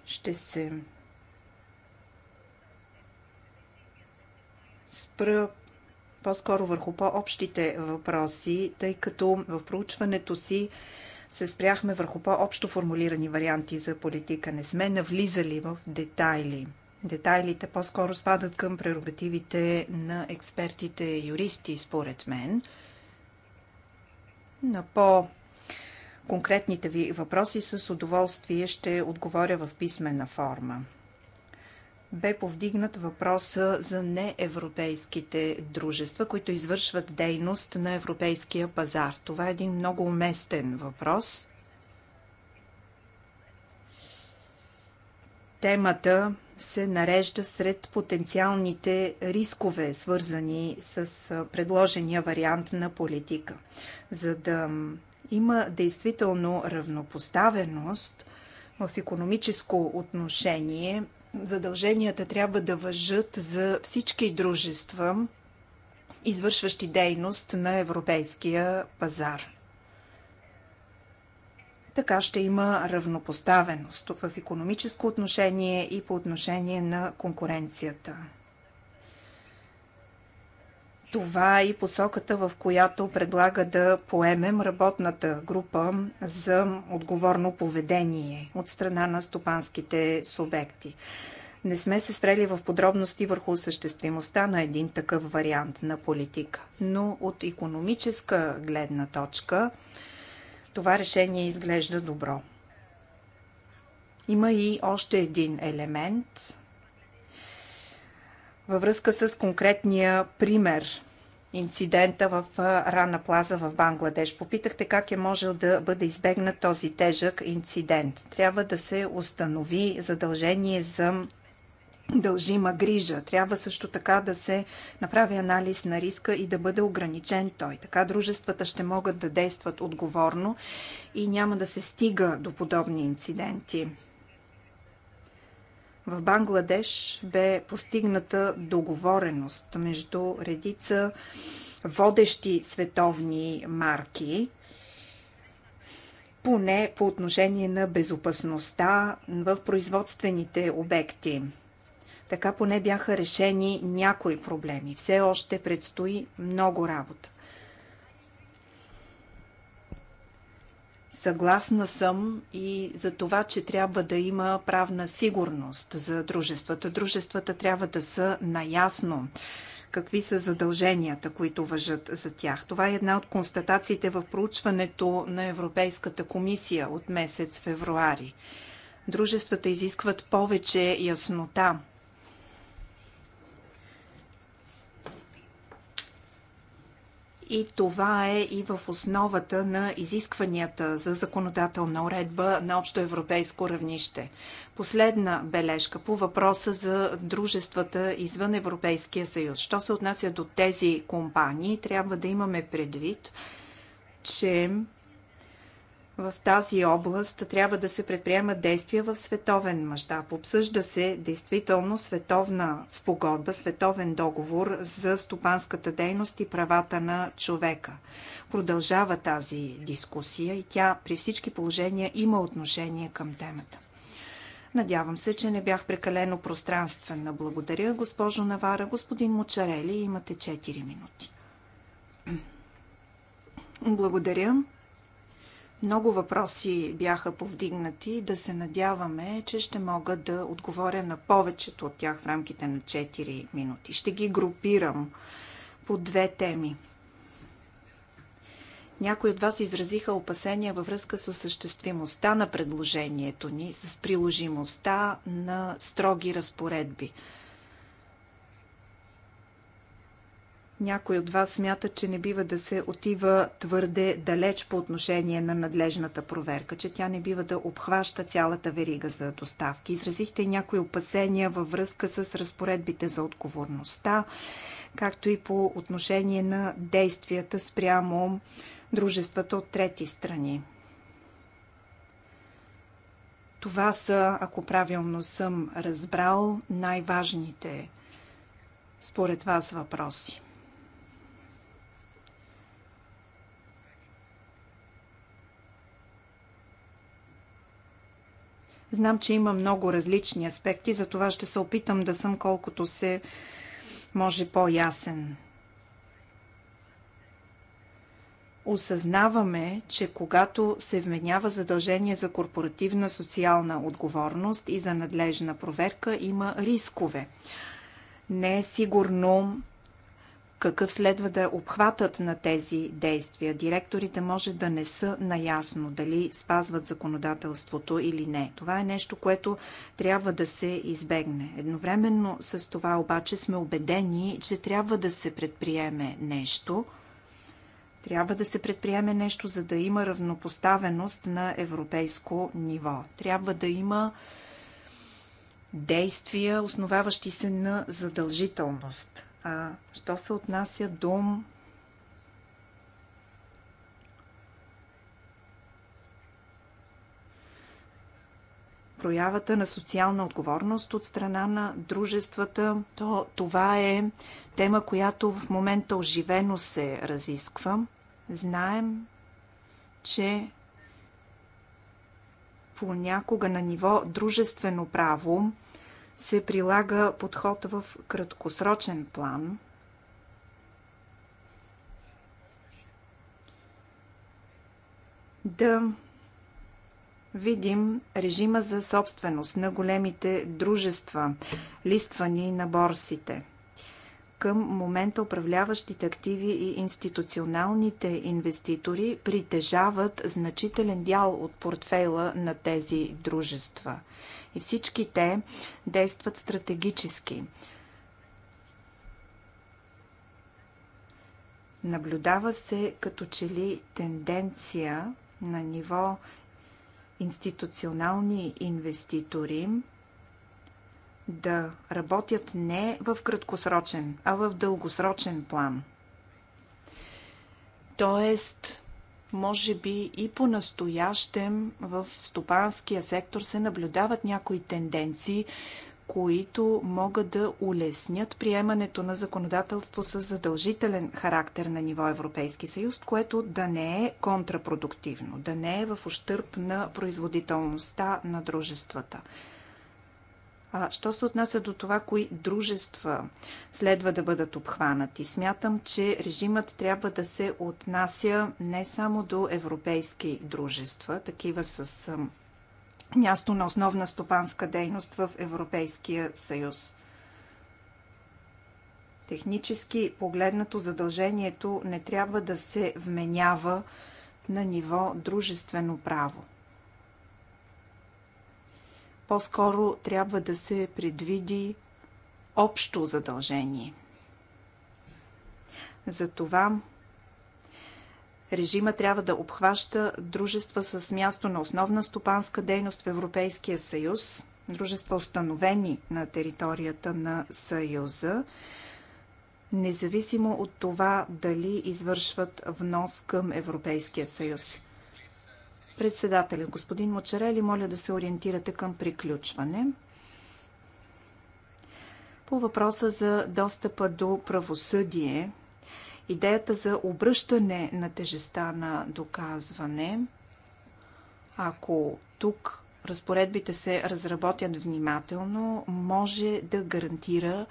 Ще се спра по-скоро върху по-общите въпроси, тъй като в проучването си се спряхме върху по-общо формулирани варианти за политика. Не сме навлизали в детайли. Детайлите по-скоро спадат към прерогативите на експертите юристи, според мен. На по- конкретните ви въпроси с удоволствие ще отговоря в писмена форма. Бе повдигнат въпроса за неевропейските дружества, които извършват дейност на европейския пазар. Това е един много уместен въпрос. Темата се нарежда сред потенциалните рискове, свързани с предложения вариант на политика. За да има действително равнопоставеност в економическо отношение, задълженията трябва да въжат за всички дружества, извършващи дейност на европейския пазар. Така ще има равнопоставеност в економическо отношение и по отношение на конкуренцията. Това е и посоката, в която предлага да поемем работната група за отговорно поведение от страна на стопанските субекти. Не сме се спрели в подробности върху осъществимостта на един такъв вариант на политика, но от економическа гледна точка – това решение изглежда добро. Има и още един елемент във връзка с конкретния пример инцидента в Рана Плаза в Бангладеш. Попитахте как е можел да бъде избегнат този тежък инцидент. Трябва да се установи задължение за дължима грижа. Трябва също така да се направи анализ на риска и да бъде ограничен той. Така дружествата ще могат да действат отговорно и няма да се стига до подобни инциденти. В Бангладеш бе постигната договореност между редица водещи световни марки, поне по отношение на безопасността в производствените обекти. Така поне бяха решени някои проблеми. Все още предстои много работа. Съгласна съм и за това, че трябва да има правна сигурност за дружествата. Дружествата трябва да са наясно какви са задълженията, които въжат за тях. Това е една от констатациите в проучването на Европейската комисия от месец февруари. Дружествата изискват повече яснота И това е и в основата на изискванията за законодателна уредба на общо европейско равнище. Последна бележка по въпроса за дружествата извън Европейския съюз. Що се отнася до тези компании, трябва да имаме предвид, че в тази област трябва да се предприемат действия в световен мащаб. Обсъжда се действително световна спогодба, световен договор за стопанската дейност и правата на човека. Продължава тази дискусия и тя при всички положения има отношение към темата. Надявам се, че не бях прекалено пространствена. Благодаря, госпожо Навара. Господин Мочарели, имате 4 минути. Благодаря. Много въпроси бяха повдигнати. Да се надяваме, че ще мога да отговоря на повечето от тях в рамките на 4 минути. Ще ги групирам по две теми. Някои от вас изразиха опасения във връзка с осъществимостта на предложението ни, с приложимостта на строги разпоредби. Някой от вас смята, че не бива да се отива твърде далеч по отношение на надлежната проверка, че тя не бива да обхваща цялата верига за доставки. Изразихте и някои опасения във връзка с разпоредбите за отговорността, както и по отношение на действията спрямо дружествата от трети страни. Това са, ако правилно съм разбрал, най-важните според вас въпроси. Знам, че има много различни аспекти, затова ще се опитам да съм колкото се може по-ясен. Осъзнаваме, че когато се вменява задължение за корпоративна социална отговорност и за надлежна проверка, има рискове. Не е сигурно какъв следва да е обхватът на тези действия. Директорите може да не са наясно дали спазват законодателството или не. Това е нещо, което трябва да се избегне. Едновременно с това обаче сме убедени, че трябва да се предприеме нещо. Трябва да се предприеме нещо, за да има равнопоставеност на европейско ниво. Трябва да има действия, основаващи се на задължителност а що се отнася до проявата на социална отговорност от страна на дружествата, то това е тема, която в момента оживено се разисква. Знаем, че понякога на ниво дружествено право се прилага подход в краткосрочен план. Да видим режима за собственост на големите дружества, листвани на борсите – към момента управляващите активи и институционалните инвеститори притежават значителен дял от портфейла на тези дружества. И всички те действат стратегически. Наблюдава се като че ли тенденция на ниво институционални инвеститори – да работят не в краткосрочен, а в дългосрочен план. Тоест, може би и по-настоящем в стопанския сектор се наблюдават някои тенденции, които могат да улеснят приемането на законодателство с задължителен характер на ниво Европейски съюз, което да не е контрапродуктивно, да не е в ущърп на производителността на дружествата. А, що се отнася до това, кои дружества следва да бъдат обхванати? Смятам, че режимът трябва да се отнася не само до европейски дружества, такива с място на основна стопанска дейност в Европейския съюз. Технически погледнато задължението не трябва да се вменява на ниво дружествено право. По-скоро трябва да се предвиди общо задължение. Затова режима трябва да обхваща дружества с място на основна стопанска дейност в Европейския съюз, дружества установени на територията на съюза, независимо от това дали извършват внос към Европейския съюз. Председателя, господин Мочерели, моля да се ориентирате към приключване. По въпроса за достъпа до правосъдие, идеята за обръщане на тежеста на доказване, ако тук разпоредбите се разработят внимателно, може да гарантира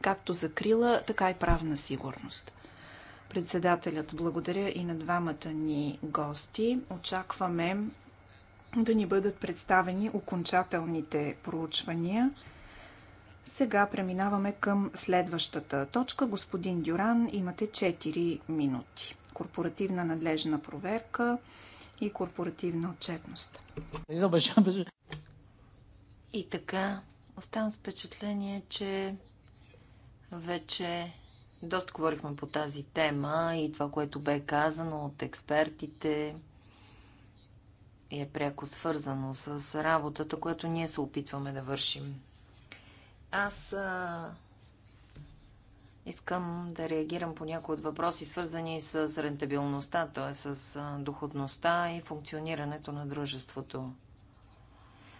както закрила, така и правна сигурност. Председателят, благодаря и на двамата ни гости. Очакваме да ни бъдат представени окончателните проучвания. Сега преминаваме към следващата точка. Господин Дюран, имате 4 минути. Корпоративна надлежна проверка и корпоративна отчетност. И така, оставам с впечатление, че вече доста говорихме по тази тема и това, което бе казано от експертите е пряко свързано с работата, която ние се опитваме да вършим. Аз а, искам да реагирам по някои от въпроси, свързани с рентабилността, т.е. с доходността и функционирането на дружеството.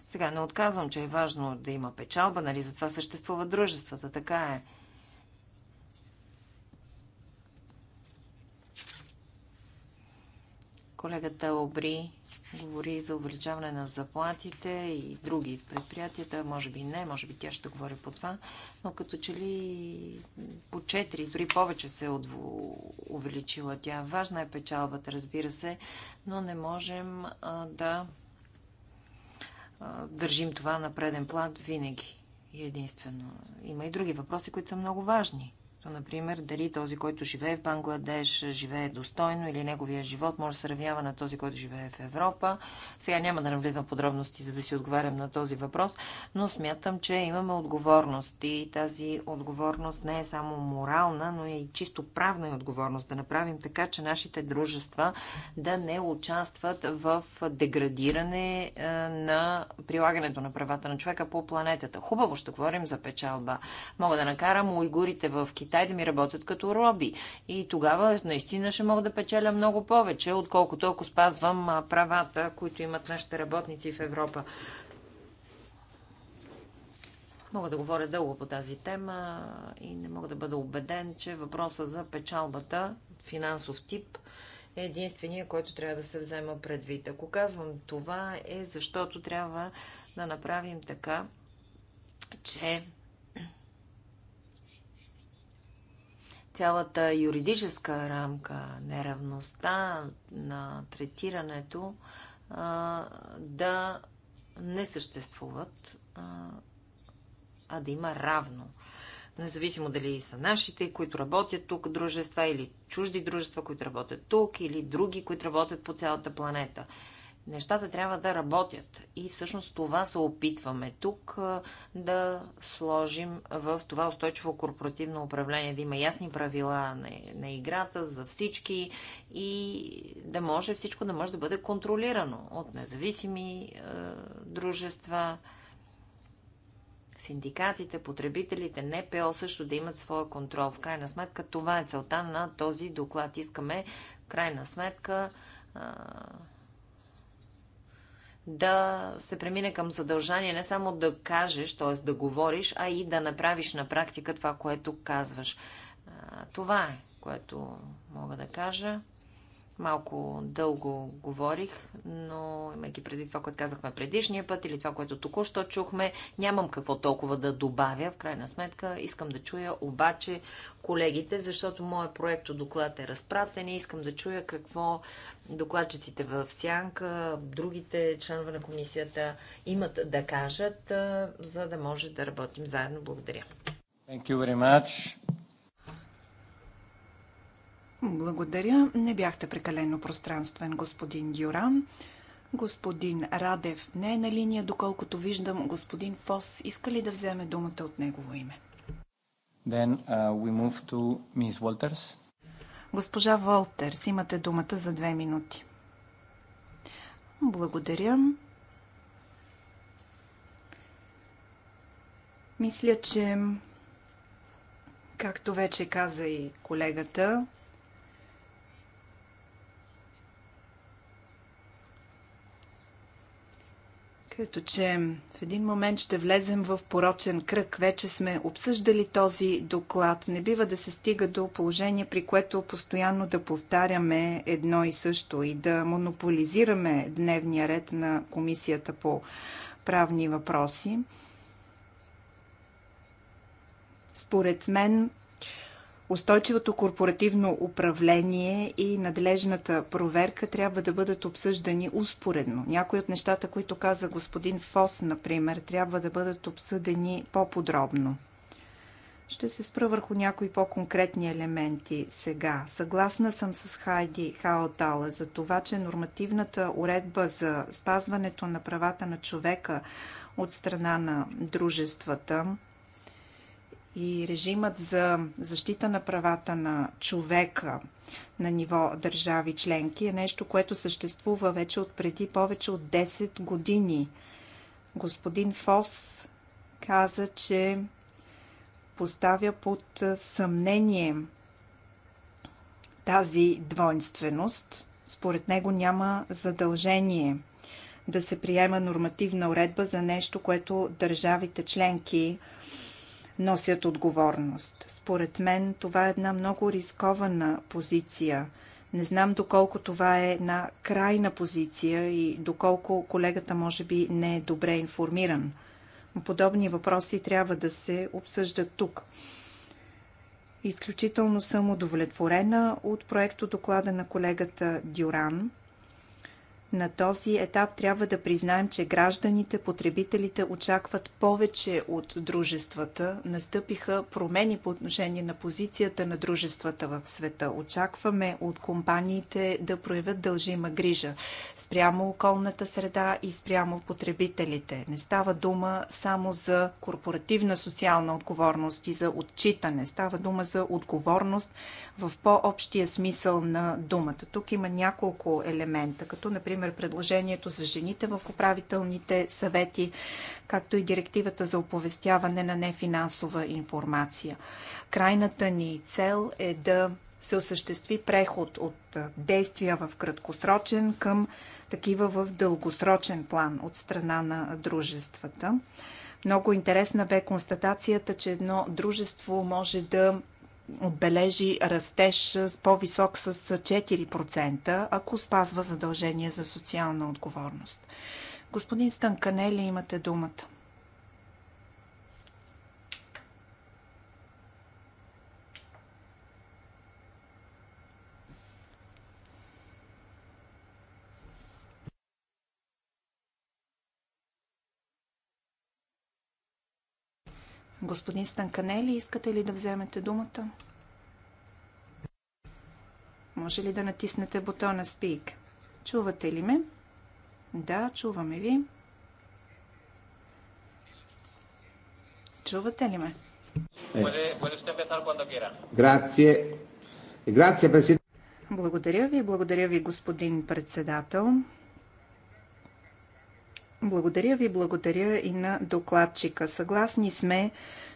Сега не отказвам, че е важно да има печалба, нали? Затова съществуват дружествата, така е. Колегата Обри говори за увеличаване на заплатите и други в предприятията. Може би не, може би тя ще говори по това, но като че ли по 4, дори повече се е увеличила тя. Важна е печалбата, разбира се, но не можем да държим това на преден план винаги единствено. Има и други въпроси, които са много важни. Като, например, дали този, който живее в Бангладеш, живее достойно или неговия живот може да се равнява на този, който живее в Европа. Сега няма да навлизам в подробности, за да си отговарям на този въпрос, но смятам, че имаме отговорност и тази отговорност не е само морална, но е и чисто правна и отговорност да направим така, че нашите дружества да не участват в деградиране е, на прилагането на правата на човека по планетата. Хубаво ще говорим за печалба. Мога да накарам уйгурите в Китай Китай да ми работят като роби. И тогава наистина ще мога да печеля много повече, отколкото ако спазвам правата, които имат нашите работници в Европа. Мога да говоря дълго по тази тема и не мога да бъда убеден, че въпроса за печалбата, финансов тип, е единствения, който трябва да се взема предвид. Ако казвам това е защото трябва да направим така, че цялата юридическа рамка, неравността на третирането да не съществуват, а да има равно. Независимо дали са нашите, които работят тук дружества, или чужди дружества, които работят тук, или други, които работят по цялата планета. Нещата трябва да работят. И всъщност това се опитваме тук да сложим в това устойчиво корпоративно управление, да има ясни правила на, на играта за всички и да може всичко да може да бъде контролирано от независими е, дружества, синдикатите, потребителите, НПО също да имат своя контрол. В крайна сметка това е целта на този доклад. Искаме, в крайна сметка, е, да се премине към задължание не само да кажеш, т.е. да говориш, а и да направиш на практика това, което казваш. Това е, което мога да кажа. Малко дълго говорих, но имайки преди това, което казахме предишния път или това, което току-що чухме, нямам какво толкова да добавя. В крайна сметка искам да чуя обаче колегите, защото моят проект доклад е разпратен и искам да чуя какво докладчиците в Сянка, другите членове на комисията имат да кажат, за да може да работим заедно. Благодаря. Thank you very much. Благодаря. Не бяхте прекалено пространствен, господин Дюран. Господин Радев не е на линия, доколкото виждам. Господин Фос иска ли да вземе думата от негово име? Then, uh, we move to Ms. Walters. Госпожа Волтерс, имате думата за две минути. Благодаря. Мисля, че, както вече каза и колегата, Като че в един момент ще влезем в порочен кръг. Вече сме обсъждали този доклад. Не бива да се стига до положение, при което постоянно да повтаряме едно и също и да монополизираме дневния ред на Комисията по правни въпроси. Според мен устойчивото корпоративно управление и надлежната проверка трябва да бъдат обсъждани успоредно. Някои от нещата, които каза господин Фос, например, трябва да бъдат обсъдени по-подробно. Ще се спра върху някои по-конкретни елементи сега. Съгласна съм с Хайди Хаотала за това, че нормативната уредба за спазването на правата на човека от страна на дружествата – и режимът за защита на правата на човека на ниво държави членки е нещо, което съществува вече от преди повече от 10 години. Господин Фос каза, че поставя под съмнение тази двойнственост. Според него няма задължение да се приема нормативна уредба за нещо, което държавите членки носят отговорност. Според мен това е една много рискована позиция. Не знам доколко това е една крайна позиция и доколко колегата може би не е добре информиран. Подобни въпроси трябва да се обсъждат тук. Изключително съм удовлетворена от проекто доклада на колегата Дюран – на този етап трябва да признаем, че гражданите, потребителите очакват повече от дружествата. Настъпиха промени по отношение на позицията на дружествата в света. Очакваме от компаниите да проявят дължима грижа спрямо околната среда и спрямо потребителите. Не става дума само за корпоративна социална отговорност и за отчитане. Става дума за отговорност в по-общия смисъл на думата. Тук има няколко елемента, като например например предложението за жените в управителните съвети, както и директивата за оповестяване на нефинансова информация. Крайната ни цел е да се осъществи преход от действия в краткосрочен към такива в дългосрочен план от страна на дружествата. Много интересна бе констатацията, че едно дружество може да отбележи растеж с по-висок с 4%, ако спазва задължение за социална отговорност. Господин Станканели, имате думата. Господин Станканели, искате ли да вземете думата? Може ли да натиснете бутона Speak? Чувате ли ме? Да, чуваме ви. Чувате ли ме? Благодаря ви, благодаря ви, господин председател. Благодаря ви, благодаря и на докладчика. Съгласни сме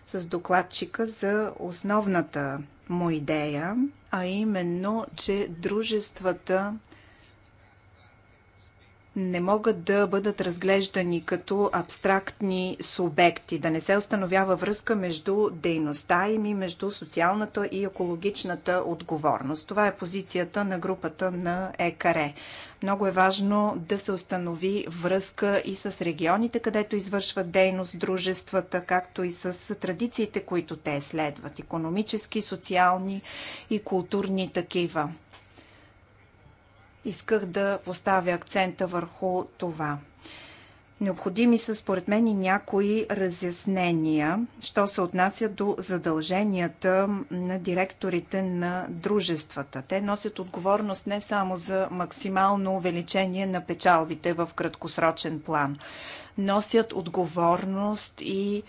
с докладчика за основната му идея, а именно, че дружествата не могат да бъдат разглеждани като абстрактни субекти, да не се установява връзка между дейността им и между социалната и екологичната отговорност. Това е позицията на групата на ЕКАРЕ. Много е важно да се установи връзка и с регионите, където извършват дейност дружествата, както и с традициите, които те следват економически, социални и културни такива исках да поставя акцента върху това. Необходими са според мен и някои разяснения, що се отнася до задълженията на директорите на дружествата. Те носят отговорност не само за максимално увеличение на печалбите в краткосрочен план, носят отговорност и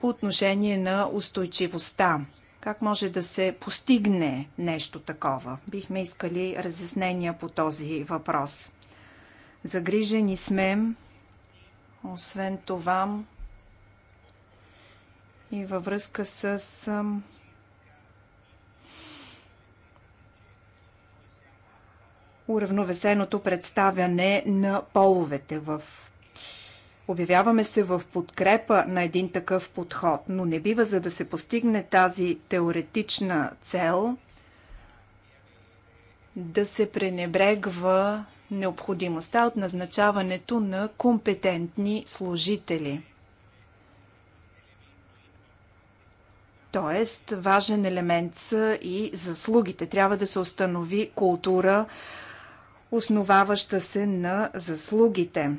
по отношение на устойчивостта как може да се постигне нещо такова? Бихме искали разяснения по този въпрос. Загрижени сме, освен това, и във връзка с уравновесеното представяне на половете в Обявяваме се в подкрепа на един такъв подход, но не бива за да се постигне тази теоретична цел да се пренебрегва необходимостта от назначаването на компетентни служители. Тоест, важен елемент са и заслугите. Трябва да се установи култура, основаваща се на заслугите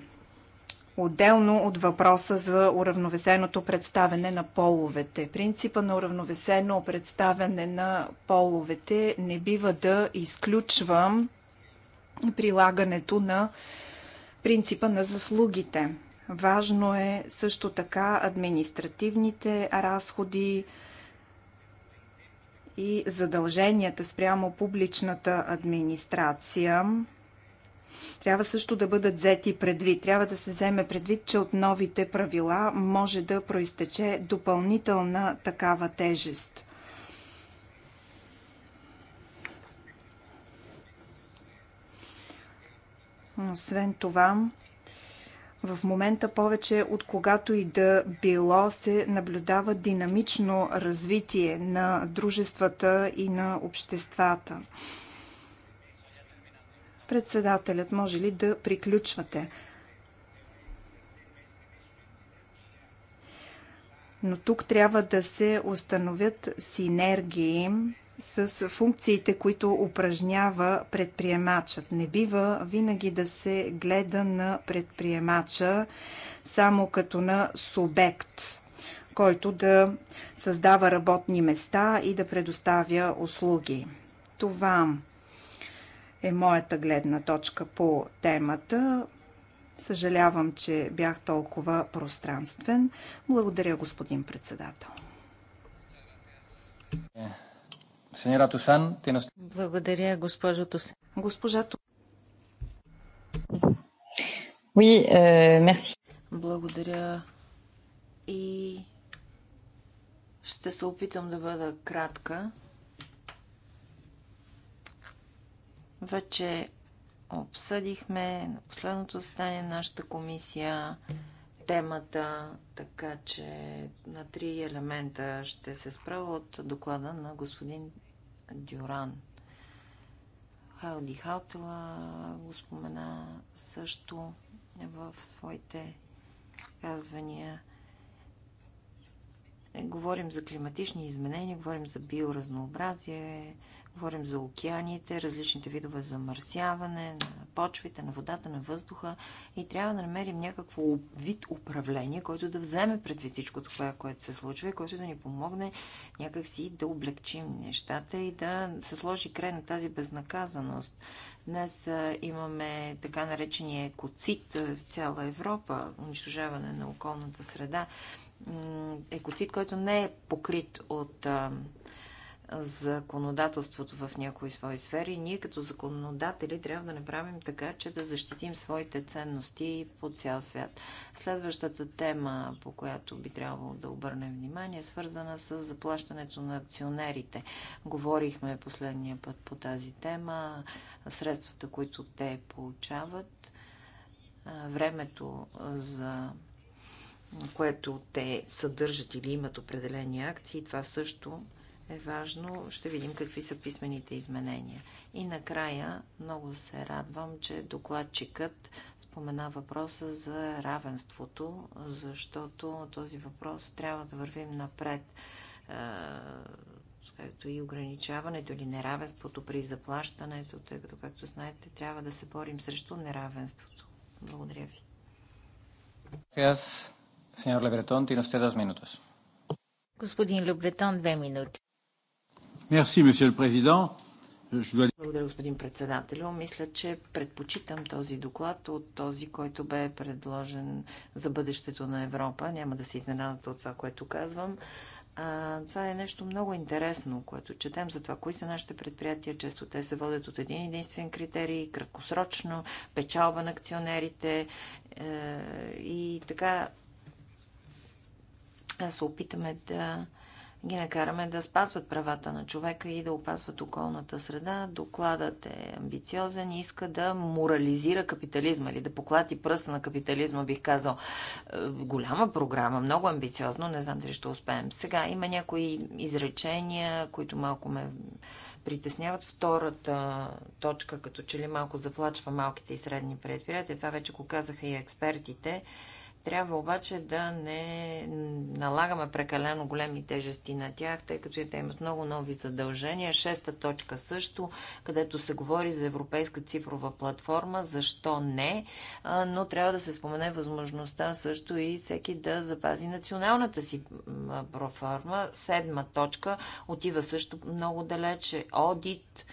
отделно от въпроса за уравновесеното представяне на половете. Принципа на уравновесено представяне на половете не бива да изключва прилагането на принципа на заслугите. Важно е също така административните разходи и задълженията спрямо публичната администрация трябва също да бъдат взети предвид. Трябва да се вземе предвид, че от новите правила може да проистече допълнителна такава тежест. Освен това, в момента повече от когато и да било се наблюдава динамично развитие на дружествата и на обществата. Председателят, може ли да приключвате? Но тук трябва да се установят синергии с функциите, които упражнява предприемачът. Не бива винаги да се гледа на предприемача само като на субект, който да създава работни места и да предоставя услуги. Това е моята гледна точка по темата. Съжалявам, че бях толкова пространствен. Благодаря, господин председател. Благодаря, госпожо Тусан. Госпожа Тусан. Oui, euh, merci. Благодаря. И ще се опитам да бъда кратка. Вече обсъдихме на последното заседание на нашата комисия темата, така че на три елемента ще се справя от доклада на господин Дюран. Хайлди Халтела го спомена също в своите казвания. Говорим за климатични изменения, говорим за биоразнообразие, Говорим за океаните, различните видове замърсяване на почвите, на водата, на въздуха и трябва да намерим някакво вид управление, който да вземе предвид всичко това, което се случва и който да ни помогне някакси да облегчим нещата и да се сложи край на тази безнаказаност. Днес имаме така наречения екоцит в цяла Европа, унищожаване на околната среда. Екоцит, който не е покрит от законодателството в някои свои сфери, ние като законодатели трябва да направим така, че да защитим своите ценности по цял свят. Следващата тема, по която би трябвало да обърнем внимание, е свързана с заплащането на акционерите. Говорихме последния път по тази тема, средствата, които те получават, времето за което те съдържат или имат определени акции, това също е важно. Ще видим какви са писмените изменения. И накрая много се радвам, че докладчикът спомена въпроса за равенството, защото този въпрос трябва да вървим напред както и ограничаването или неравенството при заплащането, тъй като, както знаете, трябва да се борим срещу неравенството. Благодаря ви. Господин Любретон, две минути. Благодаря, господин председател. Мисля, че предпочитам този доклад от този, който бе предложен за бъдещето на Европа. Няма да се изненадате от това, което казвам. А, това е нещо много интересно, което четем за това, кои са нашите предприятия. Често те се водят от един единствен критерий, краткосрочно, печалба на акционерите е, и така се опитаме да ги накараме да спазват правата на човека и да опазват околната среда. Докладът е амбициозен и иска да морализира капитализма или да поклати пръста на капитализма, бих казал. Е, голяма програма, много амбициозно, не знам дали ще успеем. Сега има някои изречения, които малко ме притесняват. Втората точка, като че ли малко заплачва малките и средни предприятия, това вече го казаха и експертите. Трябва обаче да не налагаме прекалено големи тежести на тях, тъй като и те имат много нови задължения. Шеста точка също, където се говори за Европейска цифрова платформа, защо не, но трябва да се спомене възможността също и всеки да запази националната си платформа. Седма точка отива също много далече. Одит,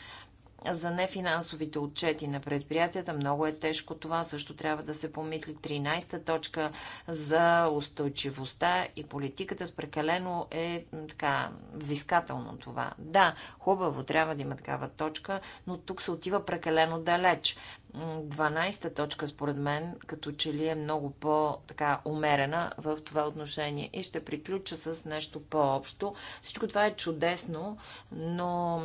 за нефинансовите отчети на предприятията. Много е тежко това. Също трябва да се помисли 13-та точка за устойчивостта и политиката. С прекалено е така взискателно това. Да, хубаво, трябва да има такава точка, но тук се отива прекалено далеч. 12-та точка, според мен, като че ли е много по-така умерена в това отношение. И ще приключа с нещо по-общо. Всичко това е чудесно, но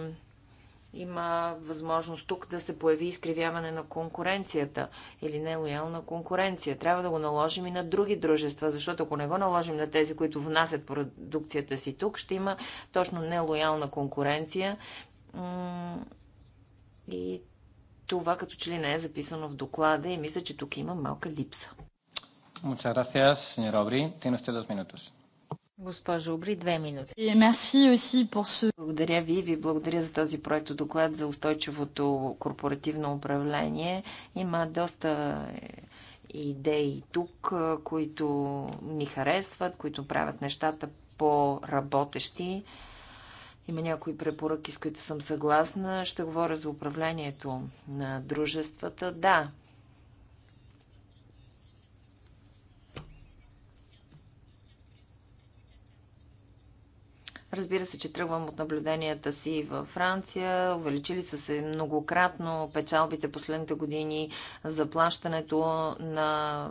има възможност тук да се появи изкривяване на конкуренцията или нелоялна конкуренция. Трябва да го наложим и на други дружества, защото ако не го наложим на тези, които внасят продукцията си тук, ще има точно нелоялна конкуренция. И това като че ли не е записано в доклада и мисля, че тук има малка липса. Muchas gracias, señora Obri. Tiene usted dos minutos. Госпожо Обри, две минути. Благодаря ви и ви благодаря за този проект доклад за устойчивото корпоративно управление. Има доста е, идеи тук, е, които ни харесват, които правят нещата по-работещи. Има някои препоръки, с които съм съгласна. Ще говоря за управлението на дружествата. Да, Разбира се, че тръгвам от наблюденията си във Франция. Увеличили са се многократно печалбите последните години, заплащането на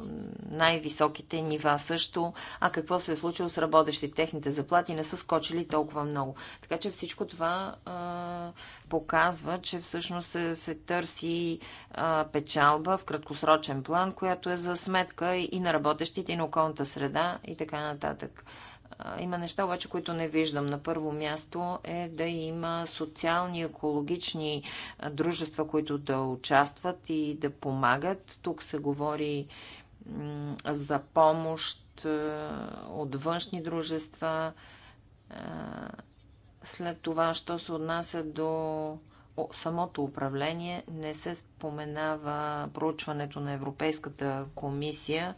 най-високите нива също. А какво се е случило с работещи? Техните заплати не са скочили толкова много. Така че всичко това а, показва, че всъщност се, се търси а, печалба в краткосрочен план, която е за сметка и на работещите, и на околната среда и така нататък. Има неща обаче, които не виждам. На първо място е да има социални, екологични дружества, които да участват и да помагат. Тук се говори за помощ от външни дружества. След това, що се отнася до самото управление, не се споменава проучването на Европейската комисия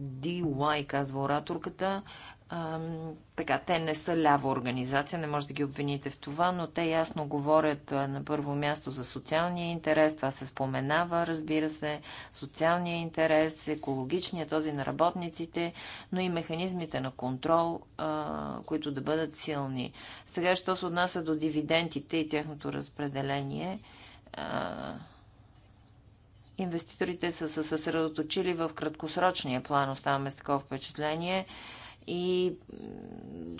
DY, казва ораторката, така, те не са лява организация, не може да ги обвините в това, но те ясно говорят на първо място за социалния интерес, това се споменава, разбира се, социалния интерес, екологичния, този на работниците, но и механизмите на контрол, които да бъдат силни. Сега, що се отнася до дивидендите и тяхното разпределение, инвеститорите са се съсредоточили в краткосрочния план, оставаме с такова впечатление, и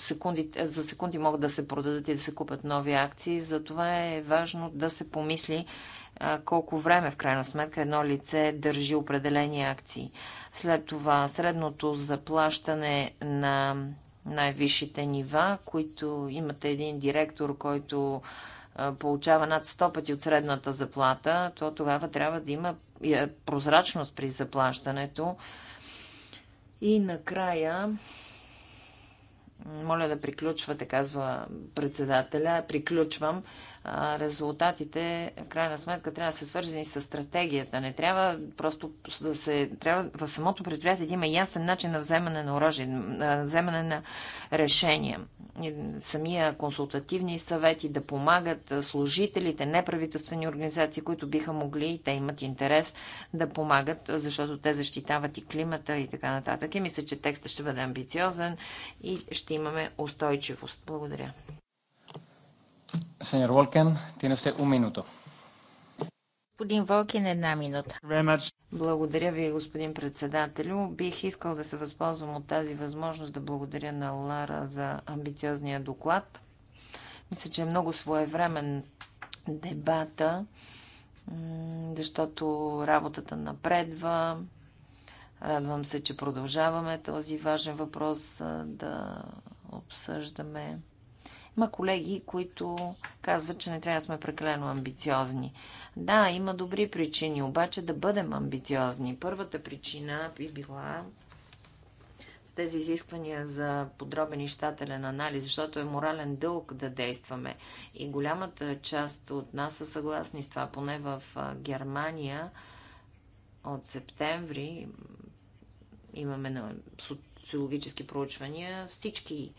секунди, за секунди могат да се продадат и да се купят нови акции. Затова е важно да се помисли колко време в крайна сметка едно лице държи определени акции. След това средното заплащане на най-висшите нива, които имате един директор, който получава над 100 пъти от средната заплата, то тогава трябва да има е, прозрачност при заплащането. И накрая моля да приключвате, казва председателя. Приключвам резултатите, в крайна сметка, трябва да се свързани с стратегията. Не трябва просто да се... Трябва в самото предприятие да има ясен начин на вземане на оръжие, на вземане на решения. Самия консултативни съвети да помагат служителите, неправителствени организации, които биха могли и те имат интерес да помагат, защото те защитават и климата и така нататък. И мисля, че текстът ще бъде амбициозен и ще имаме устойчивост. Благодаря. Señor Волкен, tiene usted un minuto. Господин Волкин, една минута. Благодаря ви, господин председателю. Бих искал да се възползвам от тази възможност да благодаря на Лара за амбициозния доклад. Мисля, че е много своевремен дебата, защото работата напредва. Радвам се, че продължаваме този важен въпрос да обсъждаме. Има колеги, които казват, че не трябва да сме прекалено амбициозни. Да, има добри причини, обаче да бъдем амбициозни. Първата причина би била с тези изисквания за подробен и щателен анализ, защото е морален дълг да действаме. И голямата част от нас са съгласни с това, поне в Германия от септември имаме на социологически проучвания, всички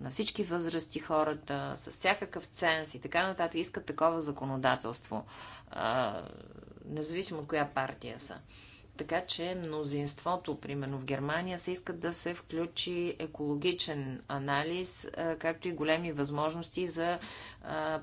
на всички възрасти хората, с всякакъв ценз и така нататък, искат такова законодателство, независимо от коя партия са. Така че мнозинството, примерно в Германия, се искат да се включи екологичен анализ, както и големи възможности за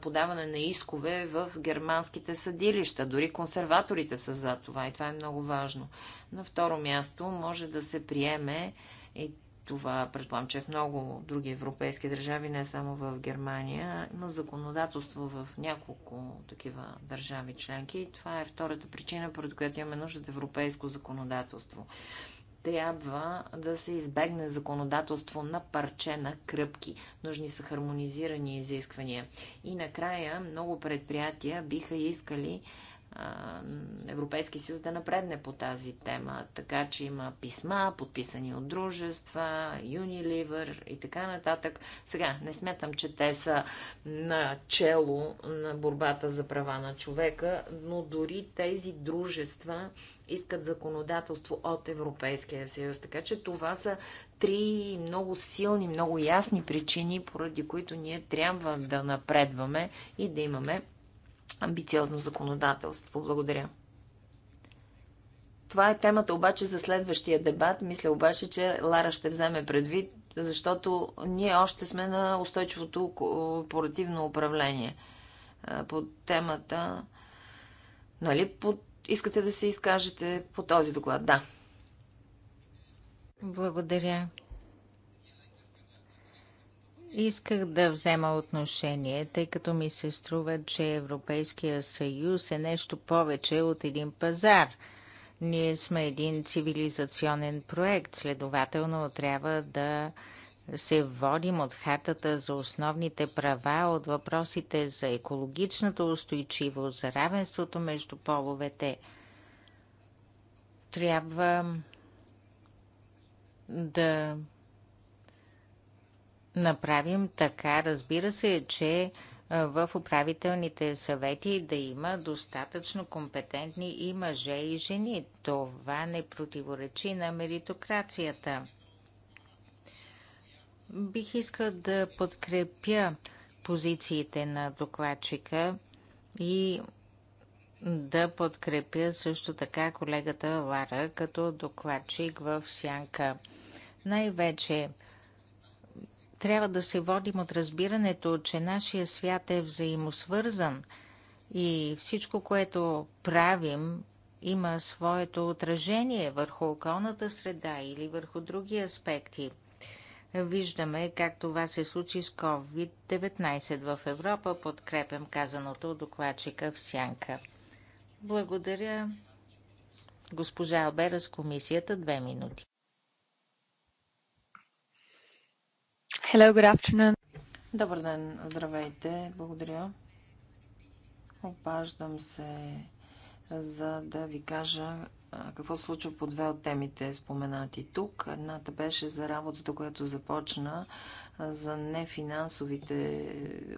подаване на искове в германските съдилища. Дори консерваторите са за това и това е много важно. На второ място може да се приеме и това предполагам, че в много други европейски държави, не само в Германия, има законодателство в няколко такива държави членки. И това е втората причина, поради която имаме нужда от европейско законодателство. Трябва да се избегне законодателство на парче на кръпки. Нужни са хармонизирани изисквания. И накрая много предприятия биха искали Европейски съюз да напредне по тази тема. Така че има писма, подписани от дружества, Unilever и така нататък. Сега, не смятам, че те са на чело на борбата за права на човека, но дори тези дружества искат законодателство от Европейския съюз. Така че това са три много силни, много ясни причини, поради които ние трябва да напредваме и да имаме амбициозно законодателство. Благодаря. Това е темата обаче за следващия дебат. Мисля обаче, че Лара ще вземе предвид, защото ние още сме на устойчивото корпоративно управление. По темата... Нали, по... искате да се изкажете по този доклад? Да. Благодаря. Исках да взема отношение, тъй като ми се струва, че Европейския съюз е нещо повече от един пазар. Ние сме един цивилизационен проект, следователно трябва да се водим от хартата за основните права, от въпросите за екологичната устойчивост, за равенството между половете. Трябва да направим така, разбира се, че в управителните съвети да има достатъчно компетентни и мъже и жени. Това не противоречи на меритокрацията. Бих искал да подкрепя позициите на докладчика и да подкрепя също така колегата Лара като докладчик в Сянка. Най-вече трябва да се водим от разбирането, че нашия свят е взаимосвързан и всичко, което правим, има своето отражение върху околната среда или върху други аспекти. Виждаме как това се случи с COVID-19 в Европа. Подкрепям казаното от докладчика в Сянка. Благодаря госпожа Албера с комисията. Две минути. Hello, good afternoon. Добър ден, здравейте, благодаря. Обаждам се, за да ви кажа какво се случва по две от темите споменати тук. Едната беше за работата, която започна за нефинансовите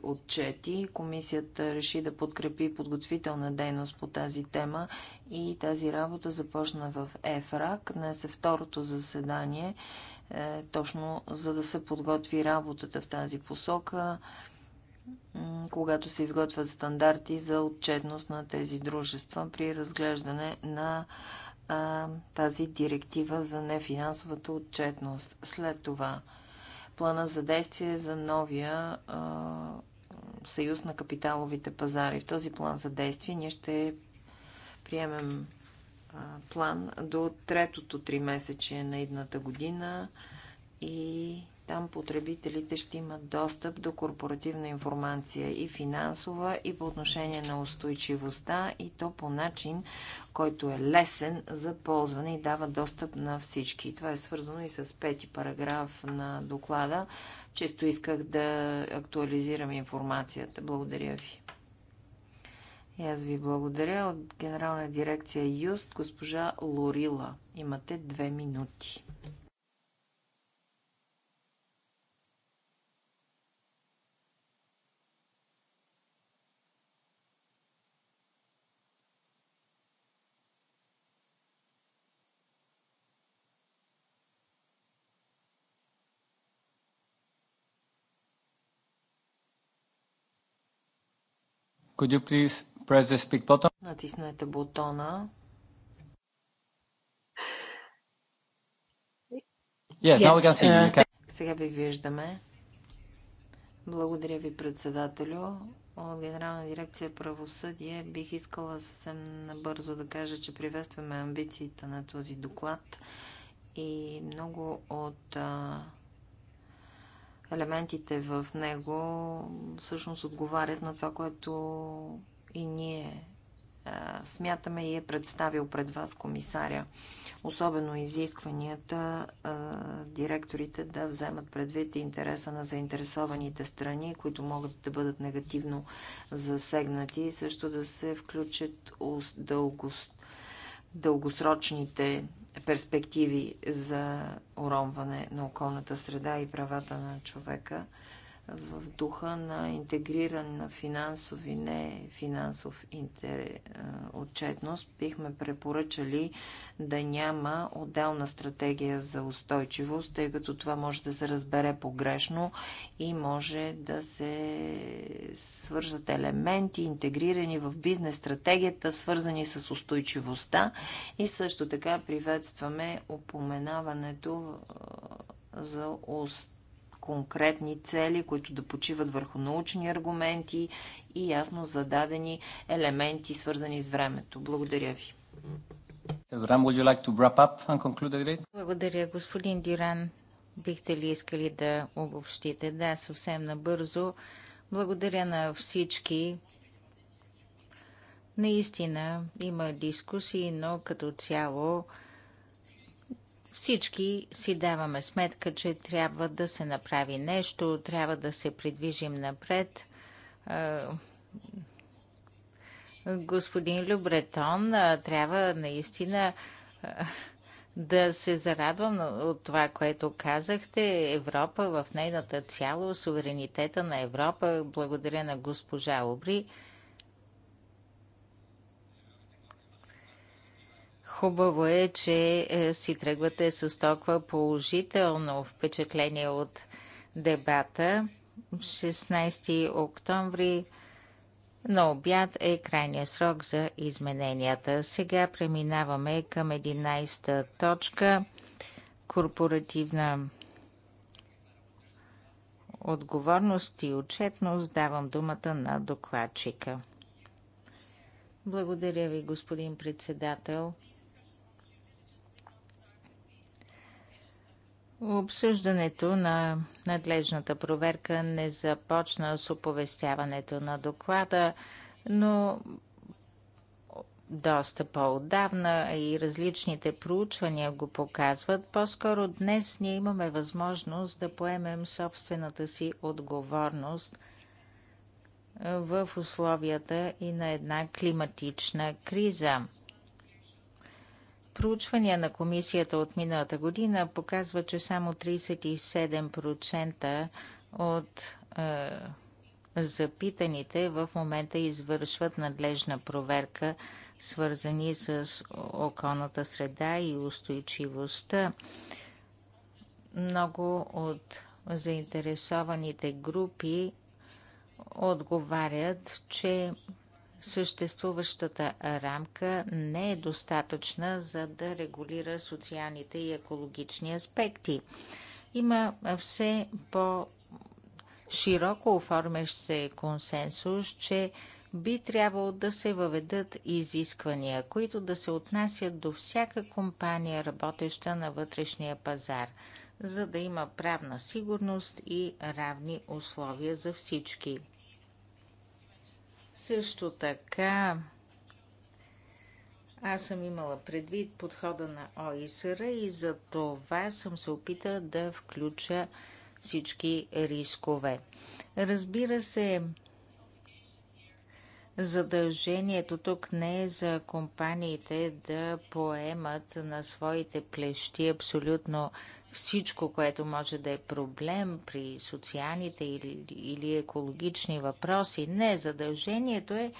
отчети. Комисията реши да подкрепи подготвителна дейност по тази тема и тази работа започна в ЕФРАК. Днес е второто заседание е, точно за да се подготви работата в тази посока, когато се изготвят стандарти за отчетност на тези дружества при разглеждане на тази директива за нефинансовата отчетност. След това плана за действие за новия съюз на капиталовите пазари. В този план за действие ние ще приемем план до третото три месече на едната година и там потребителите ще имат достъп до корпоративна информация и финансова, и по отношение на устойчивостта, и то по начин, който е лесен за ползване и дава достъп на всички. това е свързано и с пети параграф на доклада. Често исках да актуализирам информацията. Благодаря ви. И аз ви благодаря от Генерална дирекция Юст, госпожа Лорила. Имате две минути. Could you please Press the speak button. Натиснете бутона. Yes, now we can see you. Can... Е, сега ви виждаме. Благодаря ви, председателю. От Генерална дирекция правосъдие бих искала съвсем набързо да кажа, че приветстваме амбициите на този доклад и много от а, елементите в него всъщност отговарят на това, което и ние а, смятаме и е представил пред вас комисаря. Особено изискванията а, директорите да вземат предвид интереса на заинтересованите страни, които могат да бъдат негативно засегнати и също да се включат дългост дългосрочните перспективи за уронване на околната среда и правата на човека в духа на интегриран на финансов и не финансов интер... Е, отчетност, бихме препоръчали да няма отделна стратегия за устойчивост, тъй като това може да се разбере погрешно и може да се свържат елементи, интегрирани в бизнес стратегията, свързани с устойчивостта. И също така приветстваме упоменаването е, за уст конкретни цели, които да почиват върху научни аргументи и ясно зададени елементи, свързани с времето. Благодаря ви. Благодаря, господин Диран. Бихте ли искали да обобщите? Да, съвсем набързо. Благодаря на всички. Наистина има дискусии, но като цяло всички си даваме сметка, че трябва да се направи нещо, трябва да се придвижим напред. Господин Любретон, трябва наистина да се зарадвам от това, което казахте. Европа в нейната цяло, суверенитета на Европа. Благодаря на госпожа Обри. Хубаво е, че е, си тръгвате с толкова положително впечатление от дебата. 16 октомври на обяд е крайния срок за измененията. Сега преминаваме към 11-та точка корпоративна отговорност и отчетност. Давам думата на докладчика. Благодаря ви, господин председател. Обсъждането на надлежната проверка не започна с оповестяването на доклада, но доста по-отдавна и различните проучвания го показват. По-скоро днес ние имаме възможност да поемем собствената си отговорност в условията и на една климатична криза – Проучвания на комисията от миналата година показва, че само 37% от а, е, запитаните в момента извършват надлежна проверка, свързани с околната среда и устойчивостта. Много от заинтересованите групи отговарят, че съществуващата рамка не е достатъчна за да регулира социалните и екологични аспекти. Има все по широко оформящ се консенсус, че би трябвало да се въведат изисквания, които да се отнасят до всяка компания, работеща на вътрешния пазар, за да има правна сигурност и равни условия за всички. Също така, аз съм имала предвид подхода на ОИСР и за това съм се опитала да включа всички рискове. Разбира се, задължението тук не е за компаниите да поемат на своите плещи абсолютно всичко, което може да е проблем при социалните или, или екологични въпроси. Не, задължението е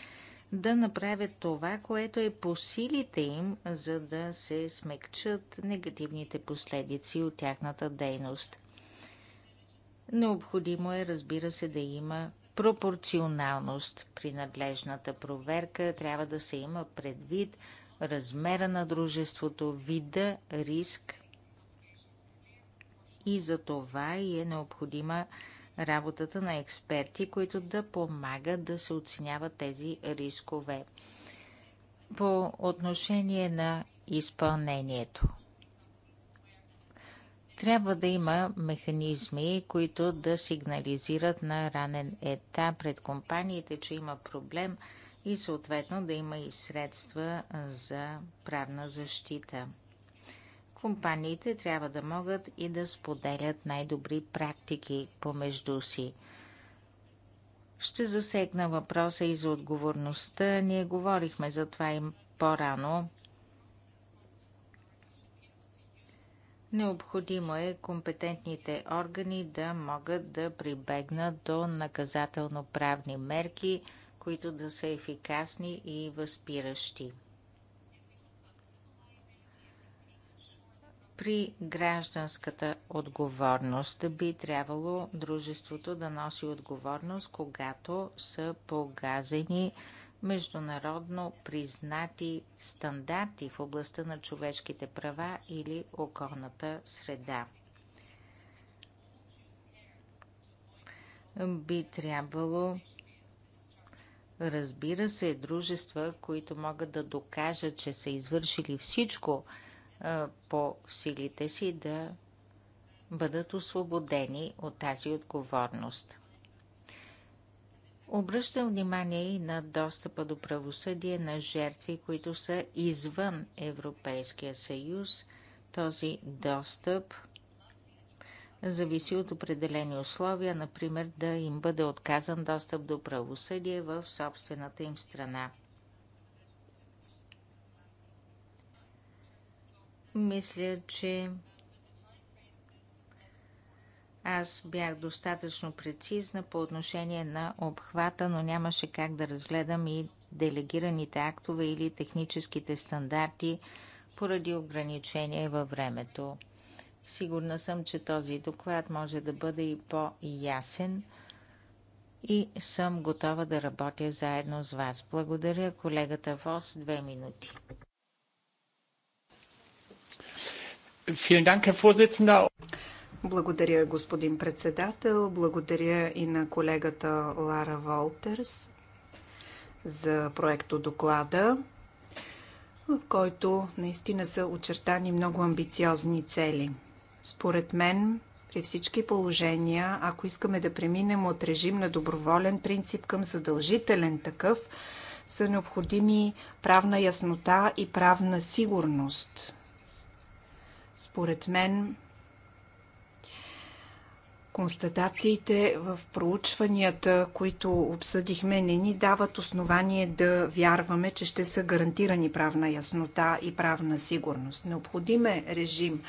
да направят това, което е по силите им, за да се смекчат негативните последици от тяхната дейност. Необходимо е, разбира се, да има пропорционалност при надлежната проверка. Трябва да се има предвид размера на дружеството, вида, риск и за това и е необходима работата на експерти, които да помагат да се оценяват тези рискове. По отношение на изпълнението. Трябва да има механизми, които да сигнализират на ранен етап пред компаниите, че има проблем и съответно да има и средства за правна защита. Компаниите трябва да могат и да споделят най-добри практики помежду си. Ще засегна въпроса и за отговорността. Ние говорихме за това им по-рано. Необходимо е компетентните органи да могат да прибегнат до наказателно-правни мерки, които да са ефикасни и възпиращи. При гражданската отговорност би трябвало дружеството да носи отговорност, когато са погазени международно признати стандарти в областта на човешките права или околната среда. Би трябвало Разбира се, дружества, които могат да докажат, че са извършили всичко по силите си да бъдат освободени от тази отговорност. Обръщам внимание и на достъпа до правосъдие на жертви, които са извън Европейския съюз. Този достъп зависи от определени условия, например да им бъде отказан достъп до правосъдие в собствената им страна. Мисля, че аз бях достатъчно прецизна по отношение на обхвата, но нямаше как да разгледам и делегираните актове или техническите стандарти поради ограничение във времето. Сигурна съм, че този доклад може да бъде и по-ясен и съм готова да работя заедно с вас. Благодаря колегата Вос. Две минути. Благодаря, господин председател. Благодаря и на колегата Лара Волтерс за проекто доклада, в който наистина са очертани много амбициозни цели. Според мен, при всички положения, ако искаме да преминем от режим на доброволен принцип към задължителен такъв, са необходими правна яснота и правна сигурност – според мен, констатациите в проучванията, които обсъдихме, не ни дават основание да вярваме, че ще са гарантирани правна яснота и правна сигурност. Необходим е режим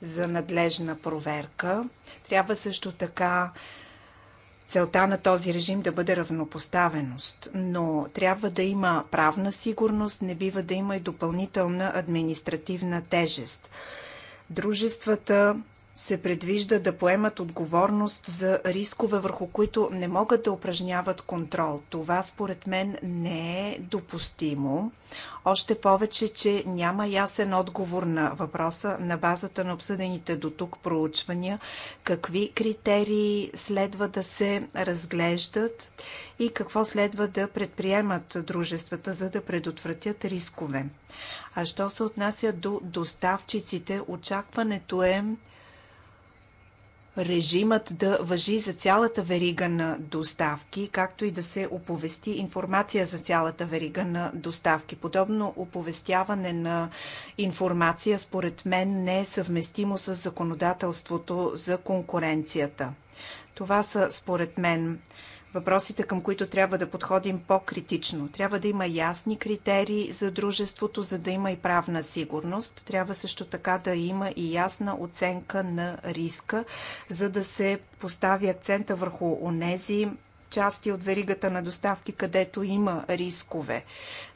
за надлежна проверка. Трябва също така целта на този режим да бъде равнопоставеност, но трябва да има правна сигурност, не бива да има и допълнителна административна тежест – дружествата, се предвижда да поемат отговорност за рискове, върху които не могат да упражняват контрол. Това според мен не е допустимо. Още повече, че няма ясен отговор на въпроса на базата на обсъдените до тук проучвания, какви критерии следва да се разглеждат и какво следва да предприемат дружествата, за да предотвратят рискове. А що се отнася до доставчиците, очакването е режимът да въжи за цялата верига на доставки, както и да се оповести информация за цялата верига на доставки. Подобно оповестяване на информация, според мен, не е съвместимо с законодателството за конкуренцията. Това са, според мен, въпросите, към които трябва да подходим по-критично. Трябва да има ясни критерии за дружеството, за да има и правна сигурност. Трябва също така да има и ясна оценка на риска, за да се постави акцента върху онези части от веригата на доставки, където има рискове.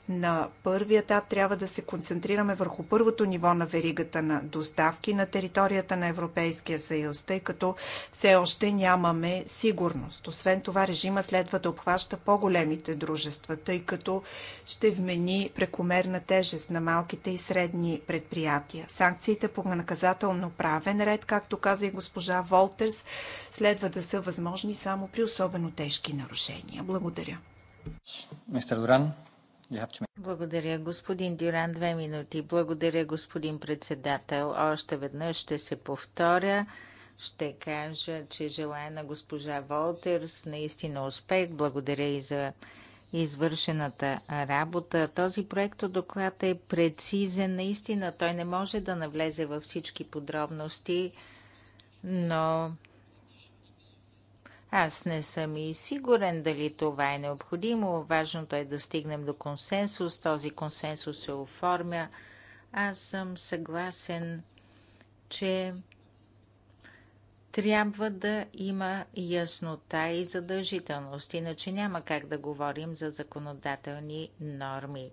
На първи етап трябва да се концентрираме върху първото ниво на веригата на доставки на територията на Европейския съюз, тъй като все още нямаме сигурност. Освен това, режима следва да обхваща по-големите дружества, тъй като ще вмени прекомерна тежест на малките и средни предприятия. Санкциите по наказателно правен ред, както каза и госпожа Волтерс, следва да са възможни само при особено тежки нарушения. Благодаря. Мистер Дуран. Благодаря, господин Дюран. Две минути. Благодаря, господин председател. Още веднъж ще се повторя. Ще кажа, че желая на госпожа Волтерс наистина успех. Благодаря и за извършената работа. Този проект доклад е прецизен. Наистина той не може да навлезе във всички подробности, но аз не съм и сигурен дали това е необходимо. Важното е да стигнем до консенсус. Този консенсус се оформя. Аз съм съгласен, че трябва да има яснота и задължителност, иначе няма как да говорим за законодателни норми.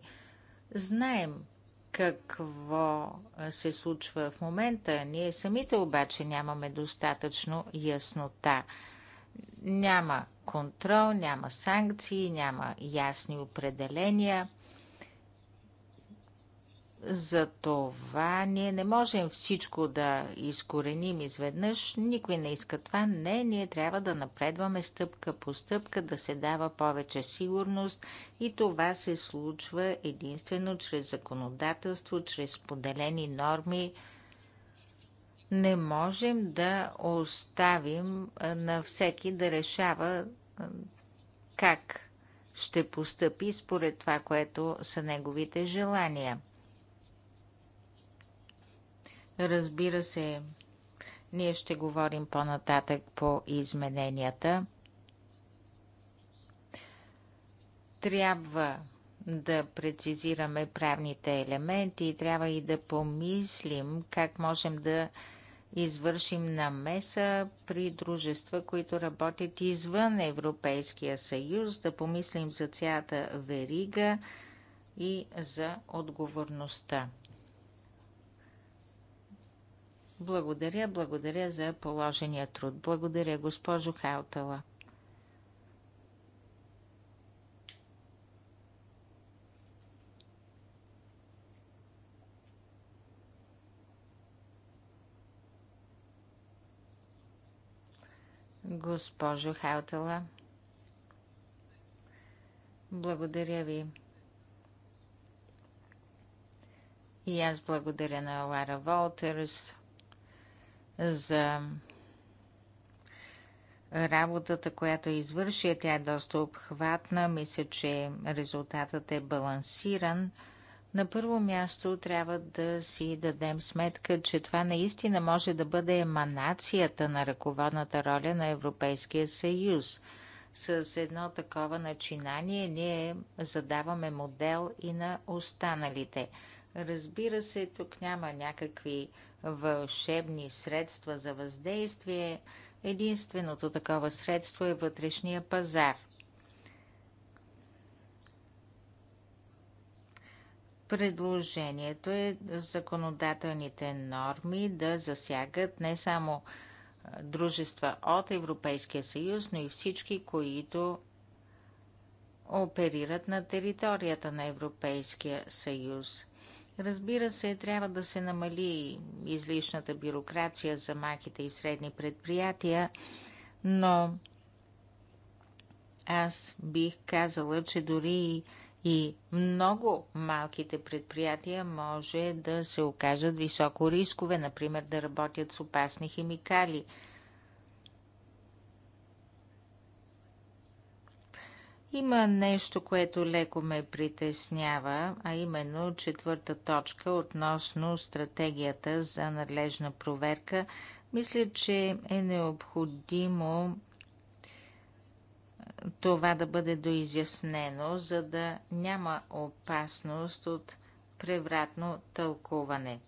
Знаем какво се случва в момента, ние самите обаче нямаме достатъчно яснота. Няма контрол, няма санкции, няма ясни определения. Затова ние не можем всичко да изкореним изведнъж. Никой не иска това. Не, ние трябва да напредваме стъпка по стъпка, да се дава повече сигурност и това се случва единствено чрез законодателство, чрез поделени норми – не можем да оставим на всеки да решава как ще постъпи според това, което са неговите желания. Разбира се, ние ще говорим по-нататък по измененията. Трябва да прецизираме правните елементи и трябва и да помислим как можем да извършим намеса при дружества, които работят извън Европейския съюз, да помислим за цялата верига и за отговорността. Благодаря, благодаря за положения труд. Благодаря, госпожо Хаутала. госпожо Хелтела, Благодаря ви. И аз благодаря на Лара Волтерс за работата, която извърши. Тя е доста обхватна. Мисля, че резултатът е балансиран. На първо място трябва да си дадем сметка, че това наистина може да бъде еманацията на ръководната роля на Европейския съюз. С едно такова начинание ние задаваме модел и на останалите. Разбира се, тук няма някакви вълшебни средства за въздействие. Единственото такова средство е вътрешния пазар – Предложението е законодателните норми да засягат не само дружества от Европейския съюз, но и всички, които оперират на територията на Европейския съюз. Разбира се, трябва да се намали излишната бюрокрация за малките и средни предприятия, но аз бих казала, че дори и и много малките предприятия може да се окажат високо рискове, например да работят с опасни химикали. Има нещо, което леко ме притеснява, а именно четвърта точка относно стратегията за надлежна проверка. Мисля, че е необходимо това да бъде доизяснено, за да няма опасност от превратно тълкуване.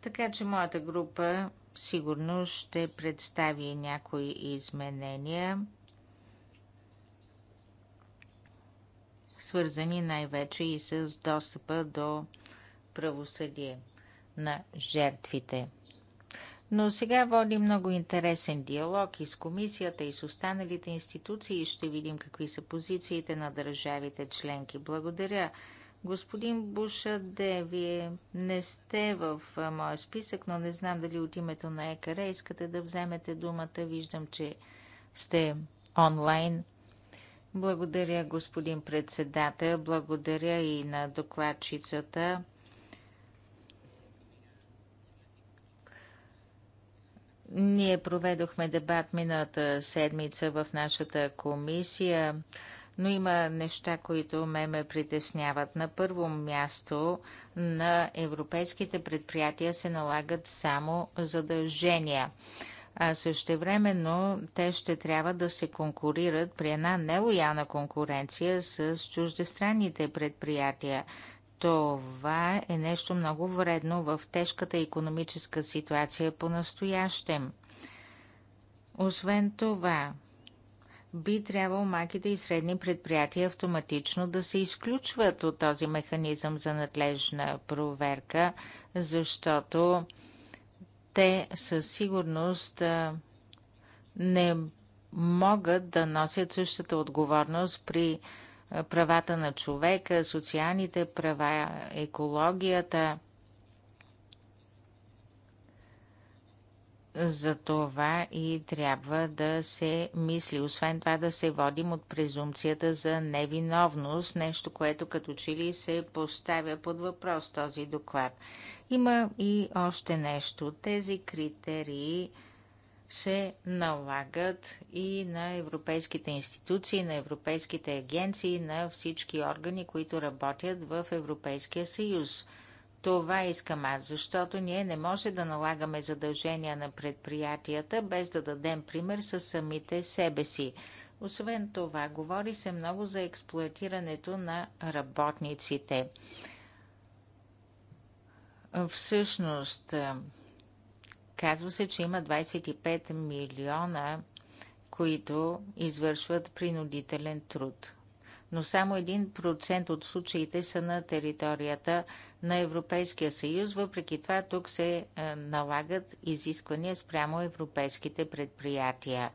Така че моята група сигурно ще представи някои изменения, свързани най-вече и с достъпа до правосъдие на жертвите. Но сега води много интересен диалог и с комисията, и с останалите институции и ще видим какви са позициите на държавите членки. Благодаря. Господин Бушаде, вие не сте в моя списък, но не знам дали от името на ЕКР искате да вземете думата. Виждам, че сте онлайн. Благодаря, господин председател. Благодаря и на докладчицата. Ние проведохме дебат миналата седмица в нашата комисия, но има неща, които ме ме притесняват. На първо място на европейските предприятия се налагат само задължения а времено те ще трябва да се конкурират при една нелояна конкуренция с чуждестранните предприятия. Това е нещо много вредно в тежката економическа ситуация по-настоящем. Освен това, би трябвало малките и средни предприятия автоматично да се изключват от този механизъм за надлежна проверка, защото те със сигурност не могат да носят същата отговорност при правата на човека, социалните права, екологията. За това и трябва да се мисли. Освен това да се водим от презумцията за невиновност, нещо, което като че ли се поставя под въпрос този доклад. Има и още нещо. Тези критерии се налагат и на европейските институции, на европейските агенции, на всички органи, които работят в Европейския съюз. Това искам аз, защото ние не може да налагаме задължения на предприятията, без да дадем пример със самите себе си. Освен това, говори се много за експлуатирането на работниците. Всъщност, Казва се, че има 25 милиона, които извършват принудителен труд. Но само 1% от случаите са на територията на Европейския съюз. Въпреки това, тук се е, налагат изисквания спрямо европейските предприятия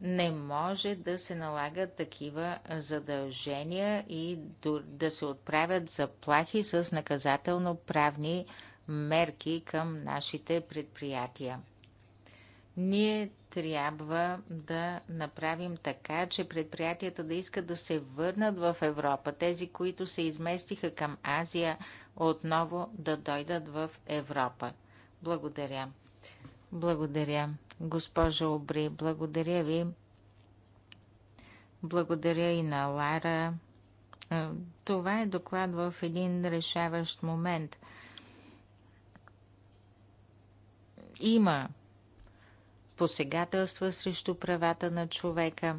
не може да се налагат такива задължения и да се отправят заплахи с наказателно-правни мерки към нашите предприятия. Ние трябва да направим така, че предприятията да искат да се върнат в Европа. Тези, които се изместиха към Азия, отново да дойдат в Европа. Благодаря. Благодаря, госпожа Обри. Благодаря ви. Благодаря и на Лара. Е, това е доклад в един решаващ момент. Има посегателства срещу правата на човека.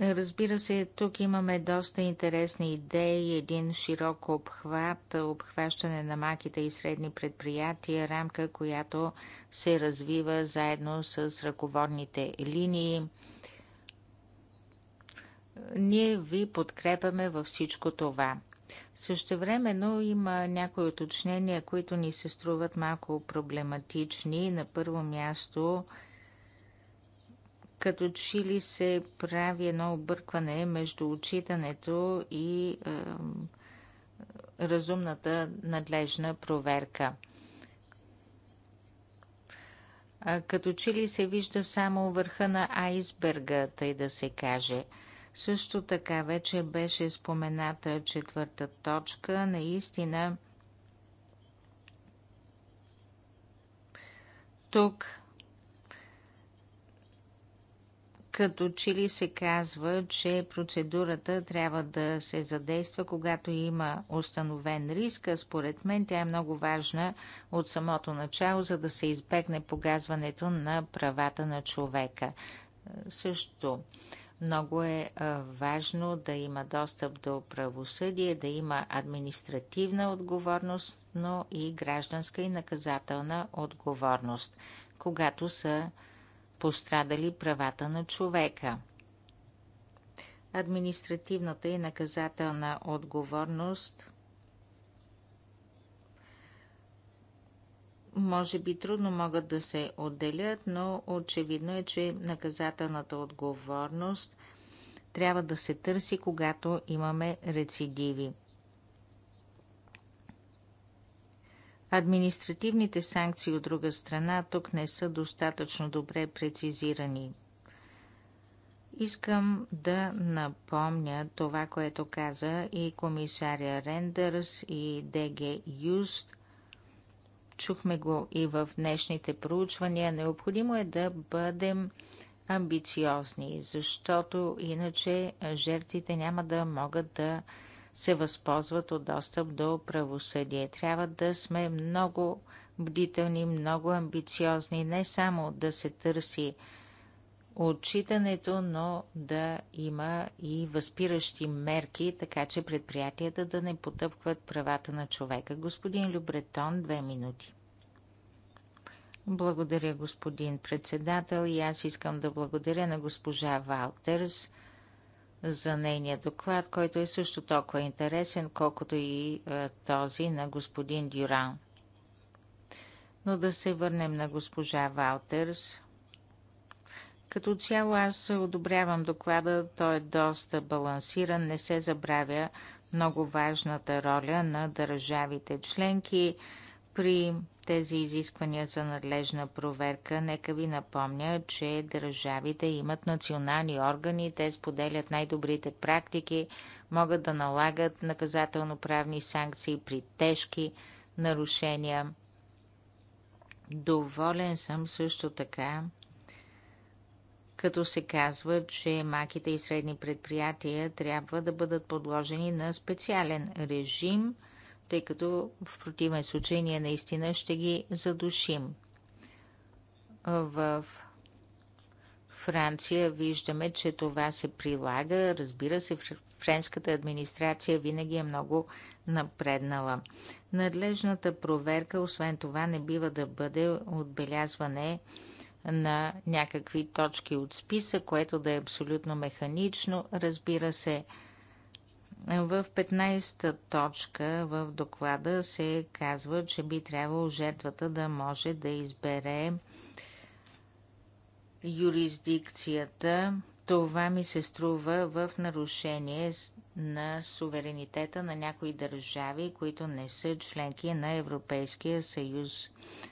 Разбира се, тук имаме доста интересни идеи, един широк обхват, обхващане на маките и средни предприятия, рамка, която се развива заедно с ръководните линии. Ние ви подкрепяме във всичко това. Също но има някои уточнения, които ни се струват малко проблематични. На първо място, като че ли се прави едно объркване между отчитането и е, разумната надлежна проверка. Като че ли се вижда само върха на айсберга, тъй да се каже – също така вече беше спомената четвърта точка. Наистина тук като че ли се казва, че процедурата трябва да се задейства, когато има установен риск, а според мен тя е много важна от самото начало, за да се избегне погазването на правата на човека. Също много е важно да има достъп до правосъдие, да има административна отговорност, но и гражданска и наказателна отговорност, когато са пострадали правата на човека. Административната и наказателна отговорност може би трудно могат да се отделят, но очевидно е, че наказателната отговорност трябва да се търси, когато имаме рецидиви. Административните санкции от друга страна тук не са достатъчно добре прецизирани. Искам да напомня това, което каза и комисаря Рендърс и ДГ Юст Чухме го и в днешните проучвания. Необходимо е да бъдем амбициозни, защото иначе жертвите няма да могат да се възползват от достъп до правосъдие. Трябва да сме много бдителни, много амбициозни, не само да се търси отчитането, но да има и възпиращи мерки, така че предприятията да не потъпкват правата на човека. Господин Любретон, две минути. Благодаря, господин председател. И аз искам да благодаря на госпожа Валтерс за нейния доклад, който е също толкова интересен, колкото и е, този на господин Дюран. Но да се върнем на госпожа Валтерс. Като цяло аз одобрявам доклада, той е доста балансиран, не се забравя много важната роля на държавите членки при тези изисквания за надлежна проверка. Нека ви напомня, че държавите имат национални органи, те споделят най-добрите практики, могат да налагат наказателно-правни санкции при тежки нарушения. Доволен съм също така, като се казва, че маките и средни предприятия трябва да бъдат подложени на специален режим, тъй като в противен случай ние наистина ще ги задушим. В Франция виждаме, че това се прилага. Разбира се, френската администрация винаги е много напреднала. Надлежната проверка, освен това, не бива да бъде отбелязване на някакви точки от списък, което да е абсолютно механично, разбира се. В 15-та точка в доклада се казва, че би трябвало жертвата да може да избере юрисдикцията. Това ми се струва в нарушение на суверенитета на някои държави, които не са членки на Европейския съюз.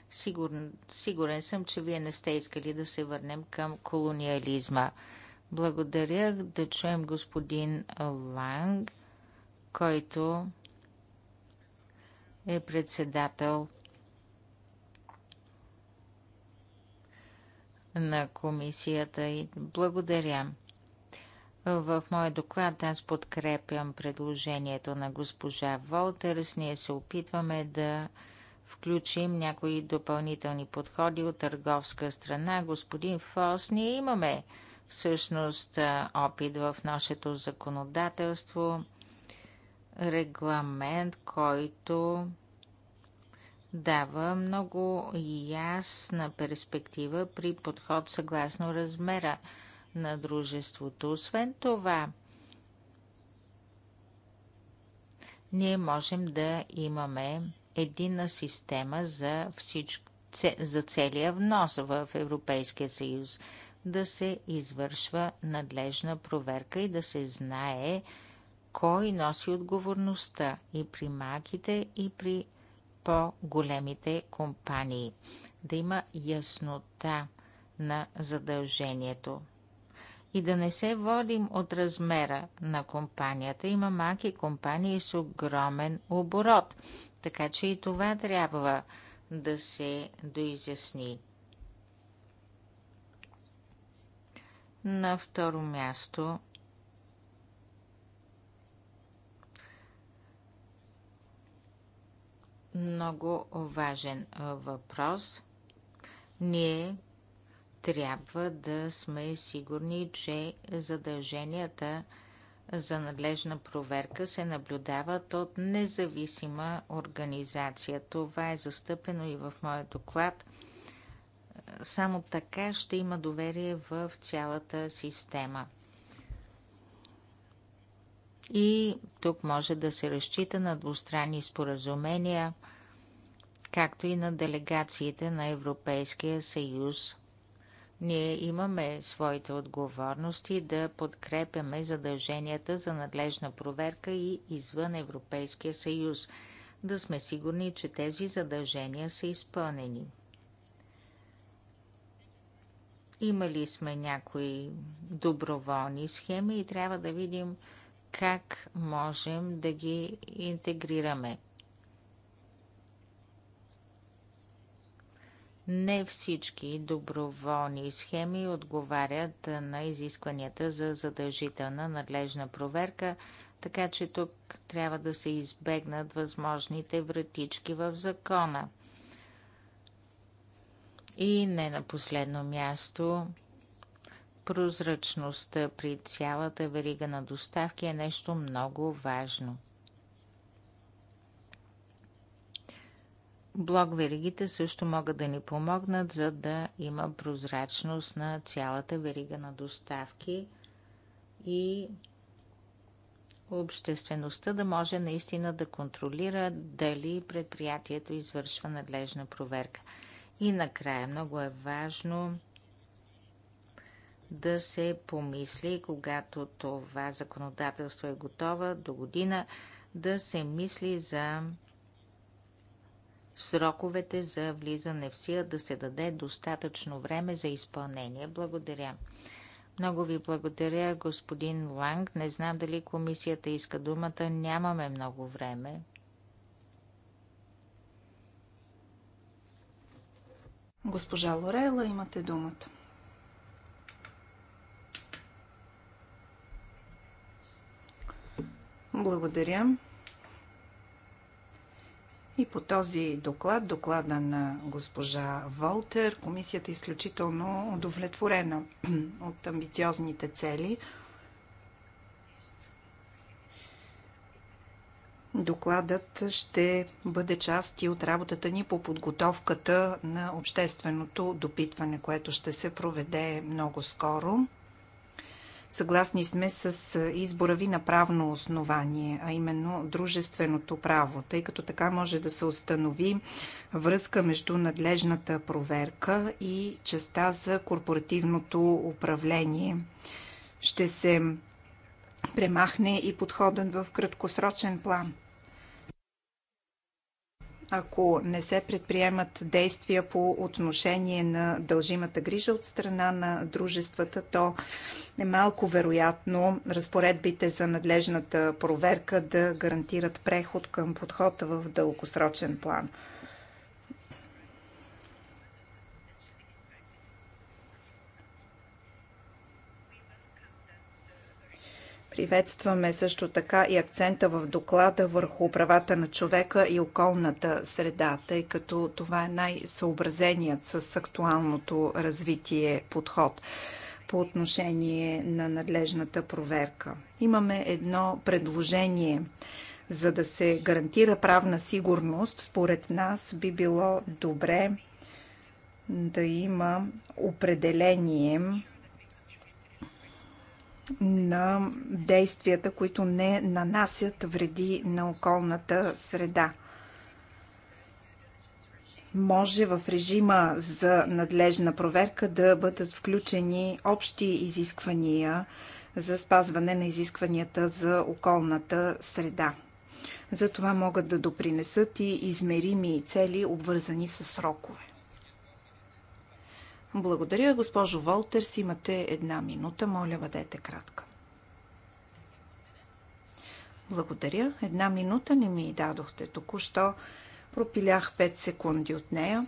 Сигурен, сигурен съм, че вие не сте искали да се върнем към колониализма. Благодаря да чуем господин Ланг, който е председател на комисията и благодаря. В моя доклад аз подкрепям предложението на госпожа Волтерс. Ние се опитваме да включим някои допълнителни подходи от търговска страна. Господин Фос, ние имаме всъщност опит в нашето законодателство, регламент, който дава много ясна перспектива при подход съгласно размера на дружеството. Освен това, ние можем да имаме едина система за, всичко, за целия внос в Европейския съюз, да се извършва надлежна проверка и да се знае кой носи отговорността и при маките, и при по-големите компании. Да има яснота на задължението и да не се водим от размера на компанията. Има малки компании с огромен оборот, така че и това трябва да се доизясни. На второ място много важен въпрос. Ние трябва да сме сигурни, че задълженията за надлежна проверка се наблюдават от независима организация. Това е застъпено и в моя доклад. Само така ще има доверие в цялата система. И тук може да се разчита на двустранни споразумения, както и на делегациите на Европейския съюз – ние имаме своите отговорности да подкрепяме задълженията за надлежна проверка и извън Европейския съюз, да сме сигурни, че тези задължения са изпълнени. Имали сме някои доброволни схеми и трябва да видим как можем да ги интегрираме. Не всички доброволни схеми отговарят на изискванията за задължителна надлежна проверка, така че тук трябва да се избегнат възможните вратички в закона. И не на последно място, прозрачността при цялата верига на доставки е нещо много важно. Блок веригите също могат да ни помогнат, за да има прозрачност на цялата верига на доставки и обществеността да може наистина да контролира дали предприятието извършва надлежна проверка. И накрая много е важно да се помисли, когато това законодателство е готова до година, да се мисли за сроковете за влизане в сила да се даде достатъчно време за изпълнение. Благодаря. Много ви благодаря, господин Ланг. Не знам дали комисията иска думата. Нямаме много време. Госпожа Лорела, имате думата. Благодаря. И по този доклад, доклада на госпожа Волтер, комисията е изключително удовлетворена от амбициозните цели. Докладът ще бъде част и от работата ни по подготовката на общественото допитване, което ще се проведе много скоро. Съгласни сме с избора ви на правно основание, а именно дружественото право, тъй като така може да се установи връзка между надлежната проверка и частта за корпоративното управление. Ще се премахне и подходен в краткосрочен план – ако не се предприемат действия по отношение на дължимата грижа от страна на дружествата, то е малко вероятно разпоредбите за надлежната проверка да гарантират преход към подхода в дългосрочен план. Приветстваме също така и акцента в доклада върху правата на човека и околната среда, тъй като това е най-съобразеният с актуалното развитие подход по отношение на надлежната проверка. Имаме едно предложение за да се гарантира правна сигурност, според нас би било добре да има определение на действията, които не нанасят вреди на околната среда. Може в режима за надлежна проверка да бъдат включени общи изисквания за спазване на изискванията за околната среда. За това могат да допринесат и измерими цели, обвързани с срокове. Благодаря, госпожо Волтерс. Имате една минута. Моля, бъдете кратка. Благодаря. Една минута не ми дадохте току-що. Пропилях 5 секунди от нея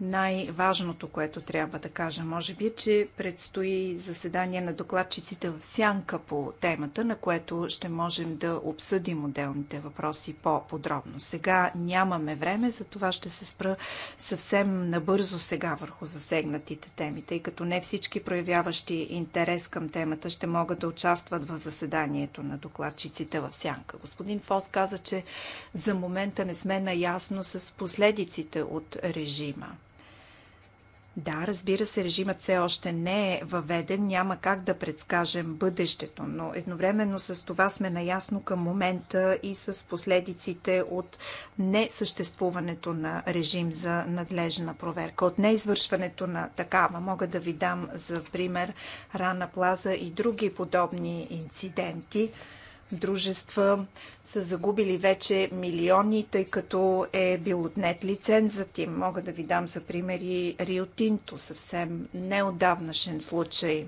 най-важното, което трябва да кажа, може би, че предстои заседание на докладчиците в сянка по темата, на което ще можем да обсъдим отделните въпроси по-подробно. Сега нямаме време, за това ще се спра съвсем набързо сега върху засегнатите теми, тъй като не всички проявяващи интерес към темата ще могат да участват в заседанието на докладчиците в сянка. Господин Фос каза, че за момента не сме наясно с последиците от режима. Да, разбира се, режимът все още не е въведен, няма как да предскажем бъдещето, но едновременно с това сме наясно към момента и с последиците от несъществуването на режим за надлежна проверка, от неизвършването на такава. Мога да ви дам за пример Рана Плаза и други подобни инциденти дружества са загубили вече милиони, тъй като е бил отнет лицензът им. Мога да ви дам за примери Риотинто съвсем неодавнашен случай.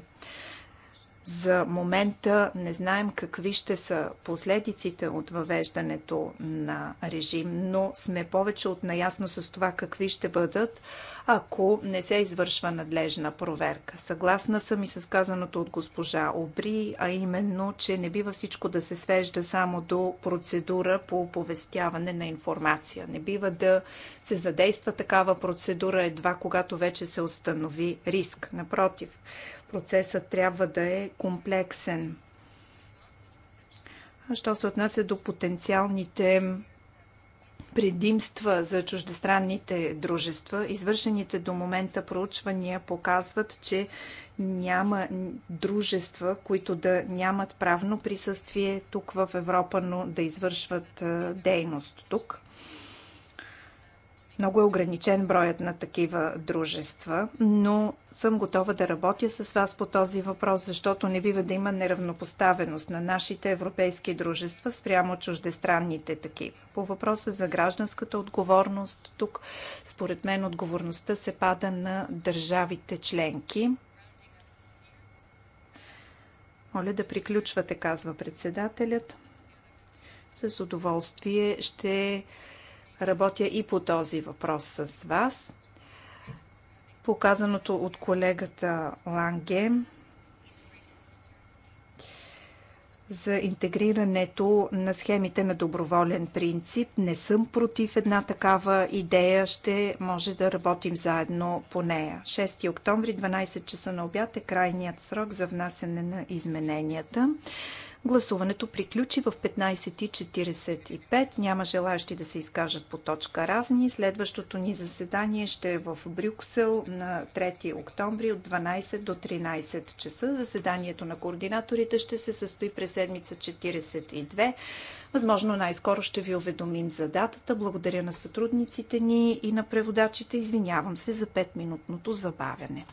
За момента не знаем какви ще са последиците от въвеждането на режим, но сме повече от наясно с това какви ще бъдат, ако не се извършва надлежна проверка. Съгласна съм и с казаното от госпожа Обри, а именно, че не бива всичко да се свежда само до процедура по оповестяване на информация. Не бива да се задейства такава процедура едва когато вече се установи риск. Напротив, процесът трябва да е комплексен. Що се отнася до потенциалните предимства за чуждестранните дружества. Извършените до момента проучвания показват, че няма дружества, които да нямат правно присъствие тук в Европа, но да извършват дейност тук. Много е ограничен броят на такива дружества, но съм готова да работя с вас по този въпрос, защото не бива да има неравнопоставеност на нашите европейски дружества спрямо чуждестранните такива. По въпроса за гражданската отговорност, тук според мен отговорността се пада на държавите членки. Моля да приключвате, казва председателят. С удоволствие ще работя и по този въпрос с вас. Показаното от колегата Ланге за интегрирането на схемите на доброволен принцип. Не съм против една такава идея. Ще може да работим заедно по нея. 6 октомври, 12 часа на обяд е крайният срок за внасяне на измененията. Гласуването приключи в 15.45. Няма желаящи да се изкажат по точка разни. Следващото ни заседание ще е в Брюксел на 3 октомври от 12 до 13 часа. Заседанието на координаторите ще се състои през седмица 42. Възможно най-скоро ще ви уведомим за датата. Благодаря на сътрудниците ни и на преводачите. Извинявам се за 5-минутното забавяне.